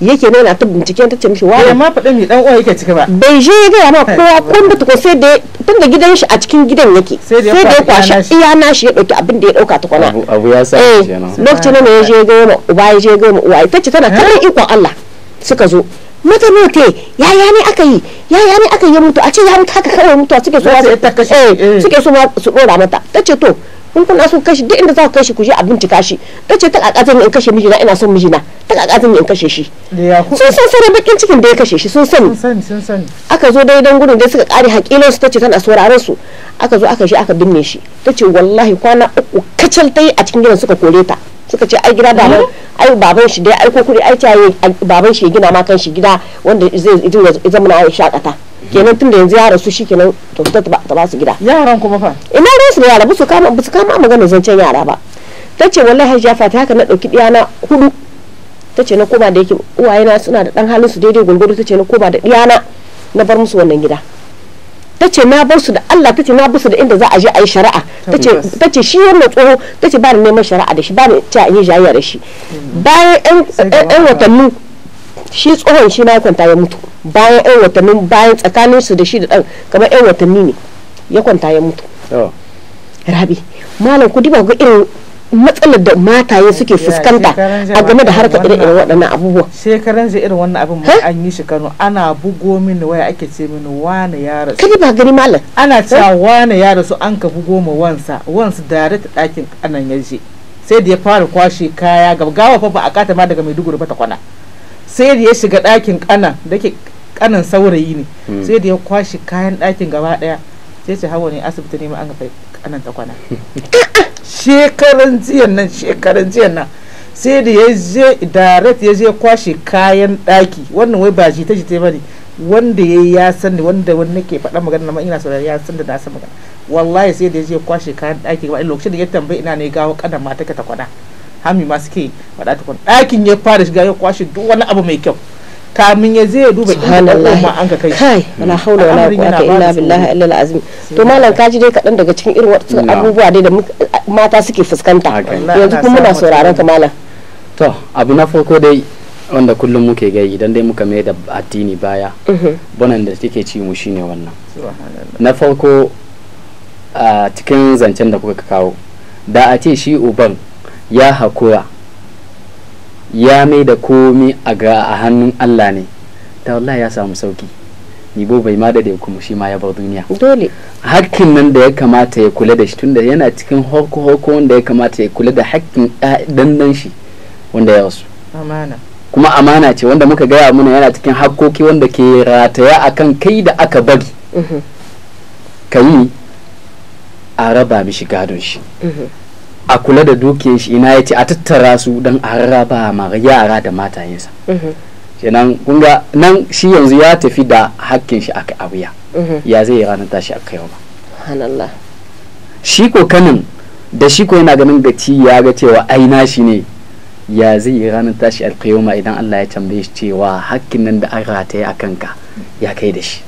yake nuna ta bincike ta ce mishi wani ma faɗa mai dan uwa yake cika ba bai je ga ma kowa kun bi ko sai da tunda gidan shi a cikin gidan yake sai da ya kwashi iya shi ya dauki abin da ya dauka ta kwana abu ya sa eh, lokacin ne ya je ga ma uba ya je ga ma uwa ita ce tana kallon ikon Allah suka zo mata ya-ya ne aka yi ya ne aka yi mutu a ce ya mutu haka kawai mutu suke so eh, eh. suke so su dora mata ta ce to in kuna so kashi duk inda za ku kashi ku je a bincika shi ta ce ta kakatan in kashe mijina ina son mijina ta kakatan in kashe shi sun san bakin cikin da ya kashe shi sun sani aka zo dai dan gudun dai suka kare hakilan su ce tana sauraron su aka zo aka shi aka binne shi ta ce wallahi kwana uku kacal ta yi a cikin gidan suka kore ta suka ce ai gida baban eh? ai baban shi dai ai ko kudi ai taye baban shi gina ma kan shi gida wanda zai zama na shakata kenan tun da yanzu ya rasu shi kenan to ta ta ba su gida yaran kuma fa ina ran su da yara busu kama ba su kama magana zancen yara ba ta ce wallahi hajiya fata haka na ɗauki diya na hudu ta ce na koma da yake na suna da ɗan halin su daidai gungudu ta ce na koma da diya na na bar musu wannan gida ta ce na bar su da Allah ta ce na bar su da inda za a je a yi shari'a ta ce shi wannan tsoho ta ce ba ni neman shari'a da shi ba ni ta yi jayya da shi hmm. bayan ɗan watannin. shi tsohon shi na ya kwanta ya mutu bayan yan watanni bayan tsakanin su da shi da dan kamar yan watanni ne ya kwanta ya mutu oh. rabi malam ku diba ga irin matsalar da mataye suke fuskanta a game da harkar irin waɗannan abubuwa shekaran zai irin wannan abin an yi shi kano ana bugo mini waya ake ce mini wane ya rasu kadi ba gani malam ana cewa wane ya rasu an ka bugo ma wansa wansa dare ta ɗakin anan ya je sai da ya fara kwashe kaya gaba gawa fa ba a kata ma daga maiduguri ba ta kwana sai da ya shiga ɗakin ƙana da ke ƙanan saurayi ne hmm. sai da ya kwashi kayan ɗakin gaba ɗaya sai ce hawa ne asibiti ne ma an gafa ƙanan ta kwana shekaran jiyan nan shekaran jiyan nan sai da ya je direct ya je kwashe kayan ɗaki wannan wai ba jita jita ba ne wanda ya yi ya san ne wanda wani nake faɗa magana na ina saurari ya san da na san magana wallahi sai da ya je kwashe kayan ɗaki ba lokacin da ya tambayi ina ne gawo ƙanan mata ka ta kwana hami ma suke faɗa tukun ɗakin ya fara shiga ya kwashe duk wani abu mai kyau kamin ya zai duba inda ɗan ma an ka kai kai wala haula wala quwwata illa billahi illa alazim to malam kaji dai kaɗan daga cikin irin wasu abubuwa dai da mata suke fuskanta yanzu kuma muna sauraron ka malam to abu na farko dai wanda kullum muke gai idan dai muka mai da addini baya bonan mhm. da take ci mu shine wannan na farko a cikin zancen da kuka kawo da a ce shi uban ya hakura ya mai da komi a ga a hannun Allah ne ta Allah ya samu sauki nibo bai ma da kuma shi ma ya bar duniya dole hakkin nan da ya kamata ya kula da shi tunda yana cikin hoko hoko wanda ya kamata ya kula da hakkin dandan shi wanda ya wasu amana kuma amana ce wanda muka gaya muna yana cikin hakkoki wanda ke rataya akan kai da aka bari mhm. ka yi a raba mishi gadon shi mhm. a kula da dukiyar shi na ya ce a tattara su don a rarraba ma yara da matayensa mhm. kenan kunga nan shi yanzu ya tafi da hakkin shi a wuya mhm. ya zai ranar tashi a kai shi ko kanin da shi ko yana ganin ci ya ga cewa aina shi ne ya zai yi ranar tashi alkayoma idan Allah ya tambaye shi cewa hakkin nan da an rataye a kanka ya kai da shi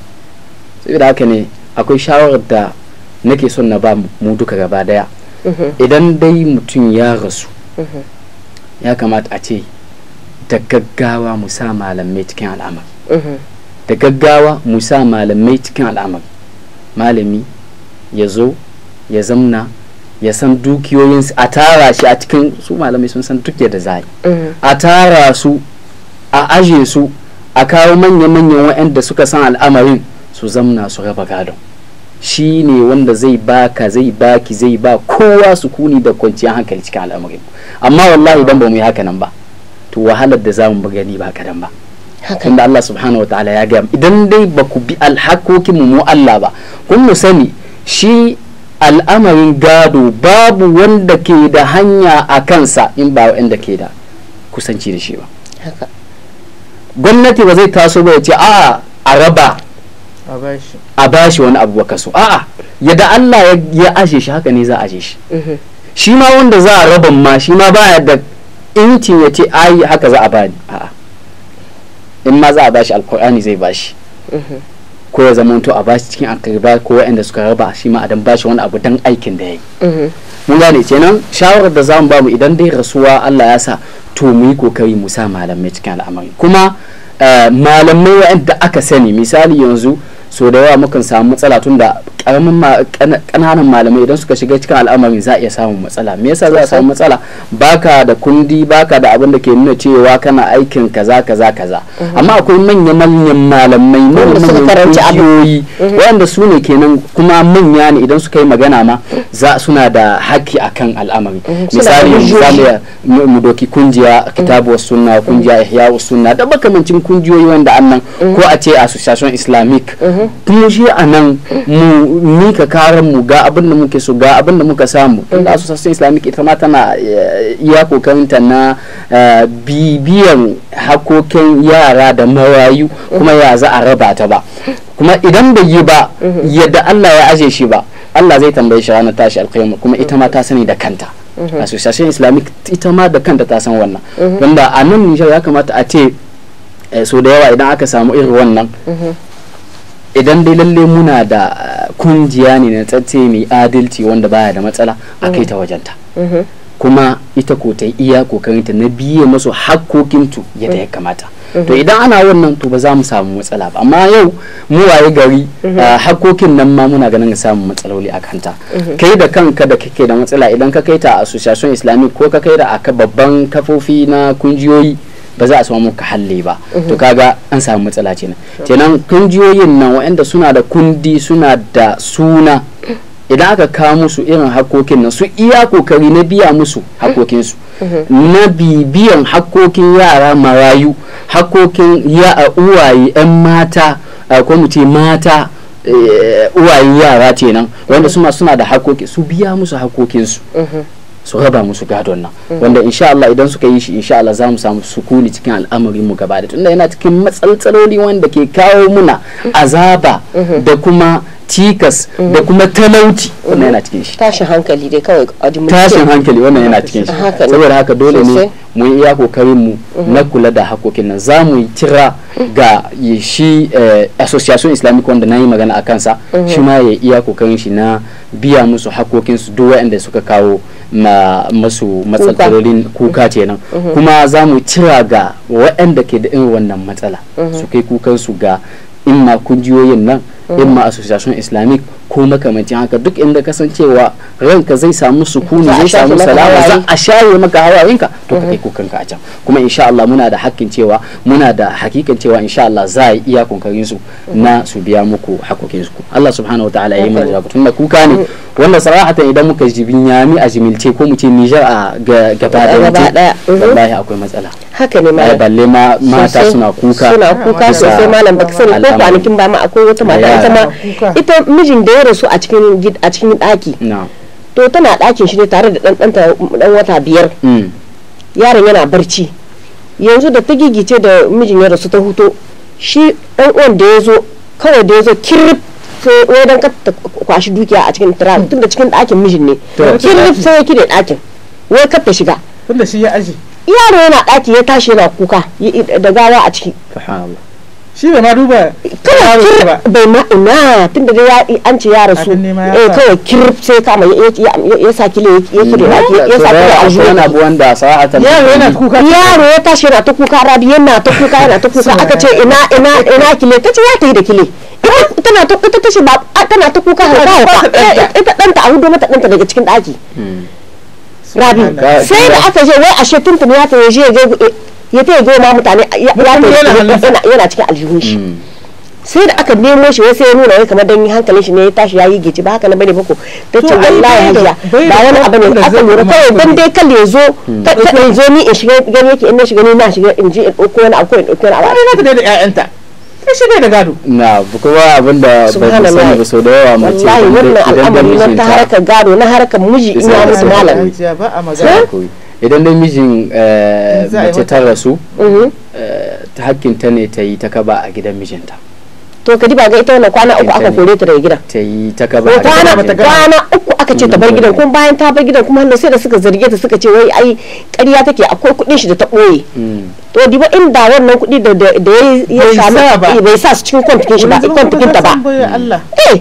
saboda haka ne akwai shawarar da nake son na ba mu duka gaba daya idan dai mutum ya rasu ya kamata a ce da gaggawa mu sa malamai cikin al'amari da gaggawa mu sa malamai cikin al'amari malami ya zo ya zamna ya san dukiyoyinsu a tara shi a cikin su malamai sun san duk da zai a tara su a aje su a kawo manya-manyan waɗanda suka san al'amarin su zamna su raba gadon shi ne wanda zai baka zai baki zai ba kowa sukuni da kwanciyar hankali cikin al'amarin amma wallahi idan ba mu yi haka nan ba to wahalar da zamu gani ba kadan ba inda Allah subhanahu wataala ya gaya idan dai ba ku bi alhakokin mu Allah ba kun mu sani shi al'amarin gado babu wanda ke da hanya a kansa in ba wanda ke da kusanci da shi ba gwamnati ba zai taso ba ya ce a a raba a ba shi wani abu baka so a'a yadda Allah ya aje shi haka ne za a aje shi mhm. shi ma wanda za a rabon ma shi ma baya da intin ya ce ai haka za a bani a'a in ma za a ba shi alkur'ani zai ba shi. Mhm. ko ya zama to a shi cikin alkarba ko waɗanda suka raba shi ma a dan shi wani abu dan aikin da ya yi mhm. mun gane nan shawarar da zamu bamu idan dai rasuwa Allah ya sa to mu yi kokari mu sa malamai cikin al'amari kuma eh, malamai waɗanda aka sani misali yanzu so da yawa mukan samu matsala tun da karamin kananan malamai idan suka shiga cikin al'amari za a iya samun matsala me yasa za a samu matsala baka da kundi baka da abin da ke nuna cewa kana aikin kaza kaza kaza mhm. amma akwai manyan manyan malamai na manyan kungiyoyi mhm. waɗanda su ne kenan kuma manya ne idan suka yi magana ma za suna da haki akan al'amari mhm. misali misali eh, mu doki kungiya kitabu sunna kungiya ihya sunna da makamancin kungiyoyi wanda annan ko a ce association islamic kuma shi a nan mu mika karan mu ga abin da muke so ga abin da muka samu tun da islamic ita ma tana eh, ya kokarinta na eh, bibiyan hakokin yara da marayu kuma ya za a raba ta ba kuma idan bai yi ba yadda allah ya aje shi ba allah zai tambaye shi ranar tashi alkhairi kuma ita ma ta sani da kanta association islamic ita ma da kanta ta san wannan wanda a nan nijar ya kamata a ce eh, so da yawa idan aka samu irin wannan idan dai lalle muna da eh, kungiya ne na tsatse mai adalci wanda baya da matsala a kai ta mm-hmm. wajenta mm-hmm. kuma ita ko ta iya kokarinta na biye masu hakkokintu yadda ya mm-hmm. kamata to idan ana wannan to ba za mu samu matsala ba amma yau mu waye gari eh, hakkokin nan ma muna ganin samun matsaloli a kanta kai da kanka da kake da matsala idan ka kai ta a association islamic ko ka kai da a babban kafofi na kungiyoyi ba za a samu ka halle ba mhm. to kaga an samu matsala kenan kenan kungiyoyin nan waɗanda suna da kundi suna da suna idan aka kawo musu irin hakokin nan su iya kokari na biya musu hakokinsu mhm. na bibiyan hakokin yara marayu hakokin ya a uwaye 'yan mata ko mu ce mata eh, uwaye yara kenan wanda mhm. suna da hakoki su biya musu hakokinsu su raba musu gadon nan mm. wanda insha Allah idan suka yi shi insha Allah za mu samu sukuni cikin al'amarin mu gaba da tunda yana cikin matsaltsaloli wanda ke kawo muna mm. azaba mm-hmm. da kuma cikas da kuma talauci wannan yana cikin shi tashin hankali dai kawai a tashin hankali wannan yana cikin shi saboda haka dole ne mu yi iya kokarin mu mhm. na kula da hakokin nan za mu yi kira ga shi eh, association islamic wanda na yi magana a kansa mhm. shi ma ya iya kokarin shi na biya musu hakokin su duk waɗanda suka kawo ma masu matsalolin kuka mhm. kenan kuma za mu kira ga waɗanda ke da irin wannan matsala su kai kukan su ga in ma kungiyoyin nan ma association islamic ko makamancin haka duk inda kasancewa ranka zai samu sukuni zai samu salama za a share maka hawayenka to ka kai mhm. kukanka a can kuma insha Allah muna da hakkin cewa muna da hakikan cewa insha Allah za a yi iya kokarin su mhm. na su biya muku hakokin su Allah subhanahu wa ta'ala ya yi mana tun da kuka ne mhm. wanda sarahatan idan muka jibin yami a jimilce ko mu ce Niger a gaba daya wallahi akwai matsala haka ne ma balle ma mata suna kuka suna kuka sosai malam baka sani ko kwanakin ba ma akwai wata mata ita ma ita mijin da ya rasu a cikin a cikin daki to tana dakin shi ne tare da dan dan wata biyar mm. yaron yana barci yanzu da ta gigice da mijin ya rasu ta huto shi dan uwan da ya zo kawai da ya zo kirrif sai wai dan ka kwashi dukiya a cikin tara tunda cikin dakin mijin ne kirrif sai ya kide dakin wai ka ta shiga tunda shi ya aji yaro yana daki ya tashi yana kuka da gawa a ciki subhanallah shi bai ma duba kawai bai ma ina tun da ya an ce ya rasu eh kawai kirf sai kama ya sa kile ya kire ya sa kile a juna yana buwan da sa'a ta yaro yana kuka yaro ya tashi yana ta kuka rabi yana ta kuka yana ta kuka aka ce ina ina ina kile tace ya ta yi da kile tana ta ita tashi ba tana ta kuka hauka eh, eh, ita danta a hudu mata danta daga cikin daki hmm. rabi sai da aka je wai ashe tuntun ya ta je eh, ya fiye goma mutane ya yana cikin aljihun shi mm. sai da aka nemo shi wai sai ya nuna wai kamar dan hankalin shi ne ya tashi ya yi gici ba haka na bane bako ta ce ya hajiya ba wani abu ne aka lura kawai dan dai kalle ya zo ta mm. zo ni in shiga gani yake in na shiga ni na shiga in ji in ɗauko wani abu ko in ɗauko wani abu. Wani na da ƴaƴanta. ta shirya da gado. Na kuma abin da ba ta sani ba sau da yawa mace idan da mijinta. Wallahi wannan al'amari na ta harkar gado na harkar miji ina musu malam. Ba a magana koyi. idan namijin eh, mace ta rasu mm-hmm. eh, ta hakkinta ne ta yi ta kaba a gidan mijinta to ka ba ga ita wannan kwana uku aka kore ta daga gidan ta yi ta kaba a gidan mijinta aka ce ta bar gidan kuma bayan ta bar gidan kuma sai da suka zarge ta suka ce wai ai ƙarya take akwai kuɗin shi da ta ɓoye hmm. to diba da wannan kuɗi da da ya sami eh, bai sa su cikin kwamfikin shi ba kwamfikin ta ba eh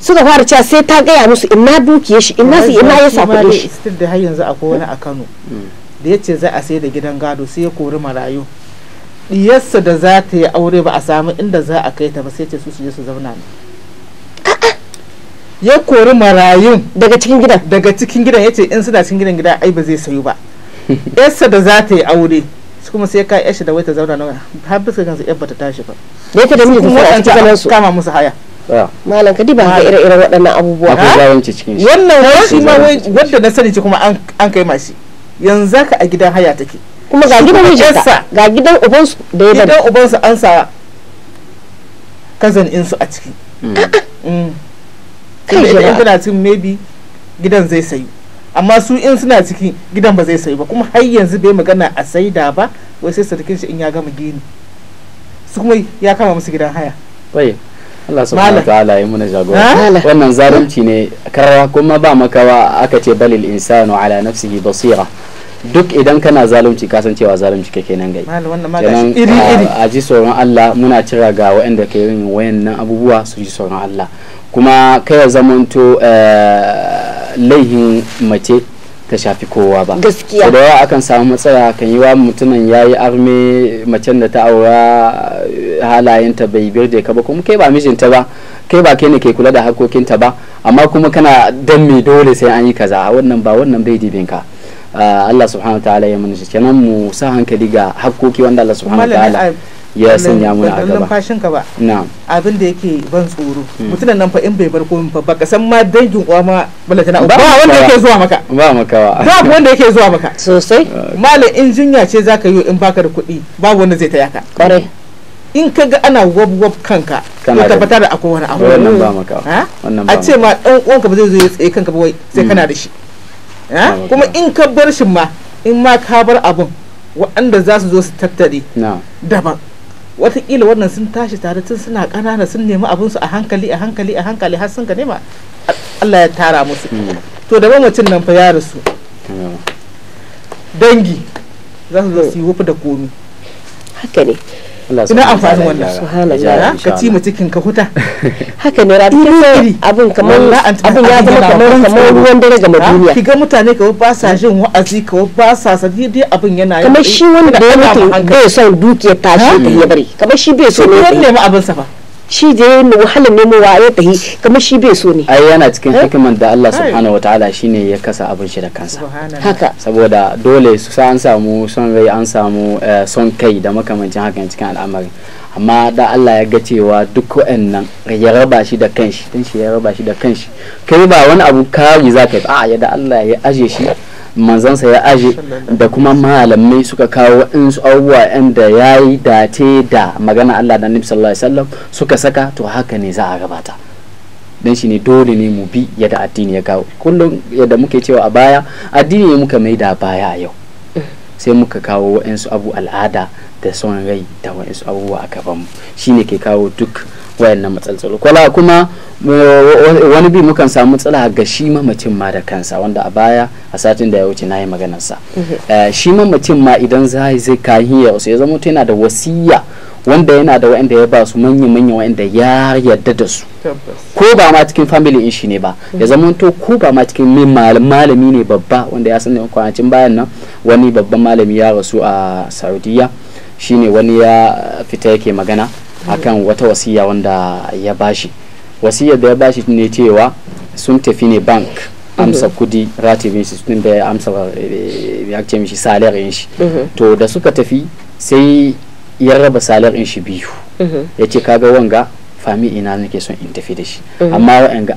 suka fara cewa sai ta gaya musu ina dukiyar shi ina su ina ya sa kuɗin shi da har yanzu akwai wani a Kano hmm. da yace za a sayar da gidan gado sai ya kori marayu diyarsa da za ta yi aure ba a samu inda za a kai ta ba sai ce su su je su zauna ne ya kori marayun daga cikin gidan daga cikin gidan ya ce in suna cikin gidan gida ai ba zai sayu ba yarsa da za ta yi aure kuma sai ka yashi da wai ta zauna nan har bisa kansu yabba ta tashi ba yake da miji kuma an ta su kama musu haya malam ka diba ga ire-iren waɗannan abubuwa akwai zalunci cikin shi wannan wani ma wai wanda na sani kuma an kai mashi yanzu haka a gidan haya take kuma ga gidan mijinta ga gidan ubansu da ya gidan ubansu an sa kazan insu a ciki hmm. mm. idan tana cikin maybe gidan zai sayi amma su in suna ciki gidan ba zai sayi ba kuma har yanzu bai magana a saida ba wai sai sarkin shi in ya gama gini su kuma ya kama musu gidan haya bai Allah subhanahu ta'ala yi muna jagora wannan zalunci ne karara kuma ba makawa aka ce balil insanu ala nafsihi basira duk idan kana zalunci kasancewa zalunci kake nan gai kenan a ji tsoron Allah muna cira ga waɗanda ke yin wayannan abubuwa su ji tsoron Allah kuma kai ya zamanto eh, laihin mace ta shafi kowa ba gaskiya da yawa akan samu matsala kan yi wa mutumin ya yi arme macen da ta aura halayenta bai birde ka ba kuma kai ba mijinta ba kai ba kai ne ke kula da harkokinta ba amma kuma kana dan me dole sai an yi kaza wannan ba wannan bai dibinka eh, Allah subhanahu wa ta'ala ya mana kenan mu sa hankali ga hakoki wanda Allah subhanahu wa ta'ala eh, ya sanya muna a gaba fashin ka ba abin da yake ban tsoro hmm. mutunan nan fa in bai bar komai fa baka san ma dangin uwa ma balata na ba wanda yake zuwa maka ba makawa ba wanda yake zuwa maka sosai malam injiniya ce zaka yi in baka da kuɗi babu wanda zai taya ka kwarai in ka ga ana wab wab kanka ka tabbatar da akwai wani abu wannan ba maka a ce ma dan ka ba zai zo ya tsaye kanka ba wai sai hmm. kana da shi kuma in ka bar shi ma in ma ka bar abun waɗanda za su zo su tattare daban watakila wannan sun tashi tare tun suna ƙanana sun nemi abinsu a hankali a hankali a hankali har sun ga nema Allah ya tara musu hmm. to da mamacin nan fa ya rasu hmm. dangi za su zo su yi hmm. wufi da komi haka ne ina amfani wannan subhanallah ka ci mu cikin ka huta haka ne rabi kin abin kamar abin ya zama kamar kamar ruwan dare ga duniya kiga mutane ka ba sa jin wa'azi ka ba sa sadi dai abin yana kamar shi wanda ya mutu bai son dukiya tashi ya bari kamar shi bai so ne ya nemi abin sa shi je mu wahalar ne mu waye tahi kamar shi bai so ne ai yana cikin eh? hikiman da Allah subhanahu wataala shine ya kasa abin shi da kansa haka saboda dole su sa an samu son rai an samu eh, son kai da makamancin hakan cikin al'amari amma da Allah ya ga cewa duk wa'annan ya raba shi da kanshi dan shi ya raba shi da kanshi kai ba wani abu kari zaka yi a'a ya da Allah ya aje shi manzansa ya aje da kuma malamai suka kawo waɗansu abubuwa inda ya yi dace da magana Allah da Nabi sallallahu alaihi wasallam suka saka to haka ne za a gabata dan shi ne dole ne mu bi yadda addini ya kawo kullum yadda muke cewa a baya addini ne muka mai da baya a yau sai muka kawo waɗansu abu al'ada da son rai da waɗansu abubuwa a shi shine ke kawo duk wayannan matsaltsalo kwala kuma wani bi mukan samu matsala ga shi mamacin ma da kansa wanda a baya a satin da ya wuce na yi maganarsa mhm. eh, shi mamacin ma idan zai zai kahi ya ya zama yana da wasiya wanda yana da wa'anda ya ba su manya-manya wa'anda ya yarda da su ko ba ma cikin family in shi ne ba ya mhm. zama to ko ba ma cikin malami ne babba wanda ya sani kwanacin bayan nan wani babban malami ya rasu a saudiya shine wani ya fita yake magana akan wata wasiya wanda ya bashi wasiyar da ya bashi ne cewa sun tafi ne bank amsa mhm. kudi ratibin shi sun da amsa ya eh, ce mishi salarin shi mhm. to da suka tafi sai ya raba salarin shi biyu mhm. ya ce kaga wanga fami ina nake son in tafi da shi amma wa'anga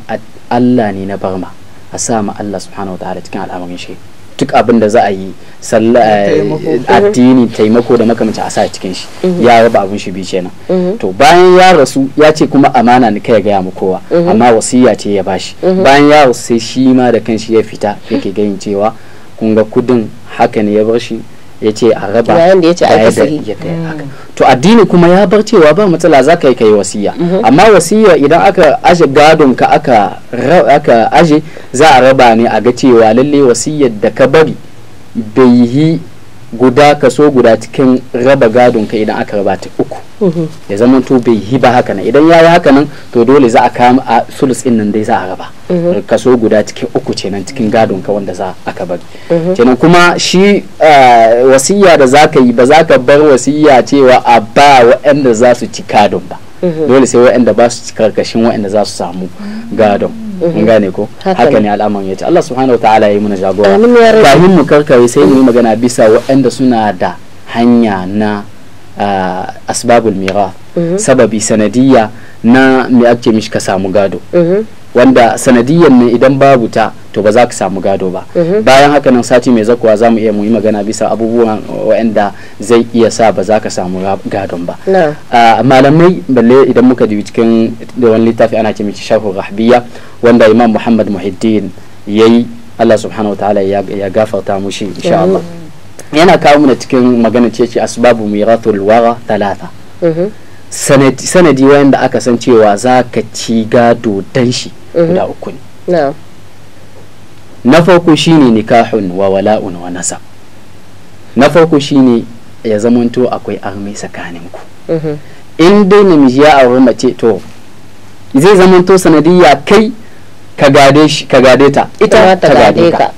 Allah ne na barma a sa ma Allah subhanahu wa ta'ala cikin al'amarin shi duk abin da za a yi eh, eh, addini taimako da makamci a sa cikin shi mhm. ya raba abin shi bi kenan mhm. to bayan ya rasu ya ce kuma amana ni kai ya gaya mu kowa mhm. amma wasiya ce ya bashi bayan ya rasu sai shi ma da kanshi ya fita yake ganin cewa kun ga kudin haka ne ya bar shi ya ce a raba yayin da ya ce mm. to addini kuma ya bar cewa ba matsala za ka yi kai wasiya mm-hmm. amma wasiya idan aka aje gadon ka aka aka aje za a raba ne a ga cewa lalle wasiyar da ka bari bai yi guda kaso guda cikin raba gadon ka idan aka raba ta uku mhm. ya zama to bai yi ba haka nan idan ya yi haka nan to dole za a kama a sulus din nan dai za a raba mhm. kaso guda cikin uku ce nan cikin gadon ka wanda za aka bari mhm. kenan kuma shi wasiya da za ka yi ba za ka bar wasiya cewa a ba wa'anda za su ci gadon ba dole sai wa'anda ba su ci karkashin waɗanda za su samu gadon in mhm. gane ko haka ne al'amarin yace Allah subhanahu wataala ya yi mana jagora kafin mu karkare sai mu yi magana bisa waɗanda suna da hanya na asbabul mira mhm. sababi sanadiyya na me ake mishi ka samu gado mhm. wanda sanadiyan ne idan babu ta to ba za ka samu gado ba mhm. bayan haka nan sati mai zakuwa za mu iya mu yi magana bisa abubuwan uh, waɗanda zai iya sa ba za ka samu gadon ba ah, malamai balle idan muka dubi cikin da wani littafi ana ce mai shahu rahbiya wanda imam muhammad muhiddin yayi allah subhanahu ta'ala ya gafarta mushi insha allah yana kawo mana cikin magana ce ce asbabu miratul wara talata mhm. sanadi wanda aka san cewa za ka ci gado dan shi Mhm. guda uku ne na farko shine nikahun wa wala'un wa nasa na farko shine ya zamanto akwai armi tsakaninku mhm. in dai namiji ya auri mace to zai zamanto sanadiyya kai ka gade ta ita ta gade ka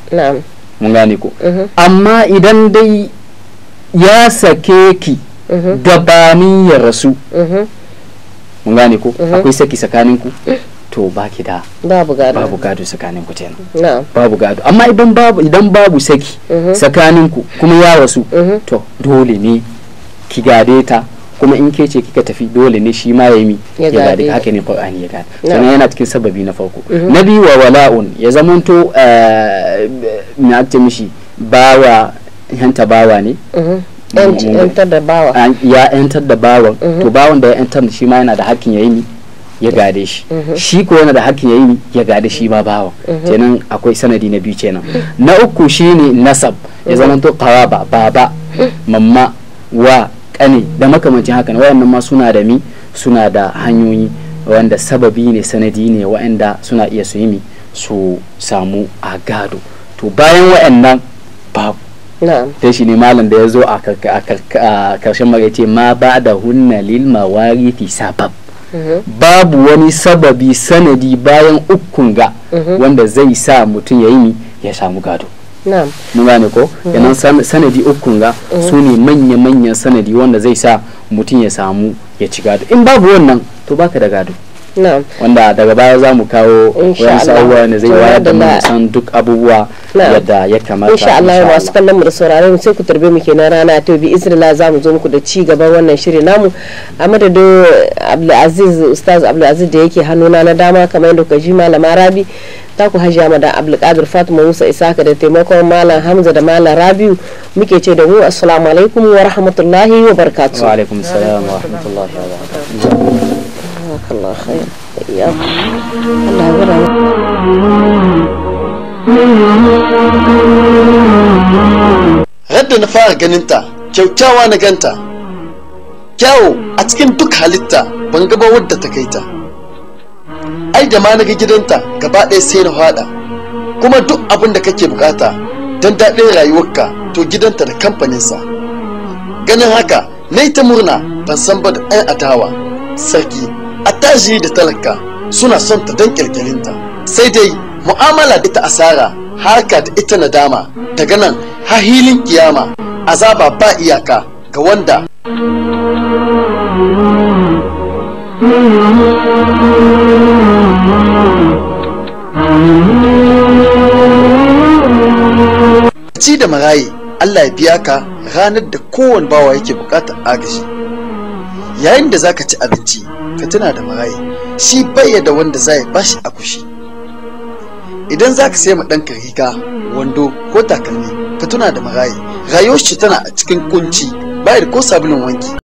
mun gane ko mhm. amma idan dai ya sake ki gabanin ya rasu mun gane ko akwai saki tsakaninku to baki da babu gado babu gado tsakanin ku kenan babu gado amma idan babu idan babu saki mhm. tsakanin ku kuma ya wasu mhm. to dole ne ki gade ta kuma in ke ce kika tafi dole ne shi ma yayi mi ya gade haka ne Qur'ani ya gade sannan yana cikin sababi na farko mhm. na biyu wa wala'un ya zamanto na eh, ta mishi bawa hanta bawa ne yantar da bawa ya yantar da bawa to bawan da ya yantar da shi ma yana da hakkin yayi mi ya gade shi mhm. shi ko yana da hakkin yayi ya gade shi ma bawa mhm. kenan akwai sanadi na biyu kenan na uku shine nasab ya zamanto qaraba baba mhm. mamma wa kane da makamancin haka wayannan ma suna da mi suna da hanyoyi wanda sababi ne sanadi ne wayanda suna iya su yi su samu a gado to bayan wayannan babu ta shi ne malam da ya zo a karshen magaice ma ba da hunna lil fi sabab babu wani sababi sanadi bayan ukun ga mhm. wanda zai sa mutum ya yi ya samu gado mun gane ko yanan mhm. sanadi ukun ga mhm. su ne manya-manyan sanadi wanda zai sa mutum ya samu ya ci gado in babu wannan to baka da gado wanda daga baya za mu kawo wani sa'uwa ne zai wayar da mu san duk abubuwa yadda ya kamata insha Allah masu kallon mu da saurare mu sai ku tarbe mu kenan rana to bi iznillah za mu zo muku da ci gaban wannan shiri namu a madadin Abdulaziz Ustaz Abdulaziz da yake hannuna na dama kamar yadda kuka ji malama Rabi ta ku hajiya da Abdulkadir Fatima Musa Isaka da taimakon malam Hamza da malam Rabiu muke ce da mu assalamu alaikum wa rahmatullahi wa barakatuh wa alaikum assalam wa rahmatullahi wa barakatuh جزاك na fara ganinta, kyaukyawa na ganta, kyau a cikin duk halitta ban gaba wadda ta kai ta. Ai da ma naga gidanta gaba ɗaya sai na haɗa, kuma duk abin da kake bukata don daɗin rayuwarka to gidanta da kamfaninsa. Ganin haka, na ta murna ban san ba da ɗan adawa, sarki taji da talaka suna son ta don kirkirinta sai dai mu'amala da ta asara harka da ita nadama daga nan har hilin kiyama azaba ba iyaka ga wanda ci da marayi Allah ya biya ka ranar da kowane bawa yake bukatar agaji yayin da zaka ci abinci ka tuna da marayi shi bayya da wanda zai bashi a kushi idan za ka sai ma ɗanka riga wando ko takalmi ka tuna da marayi rayuwar shi tana a cikin kunci bayar ko sabulun wanki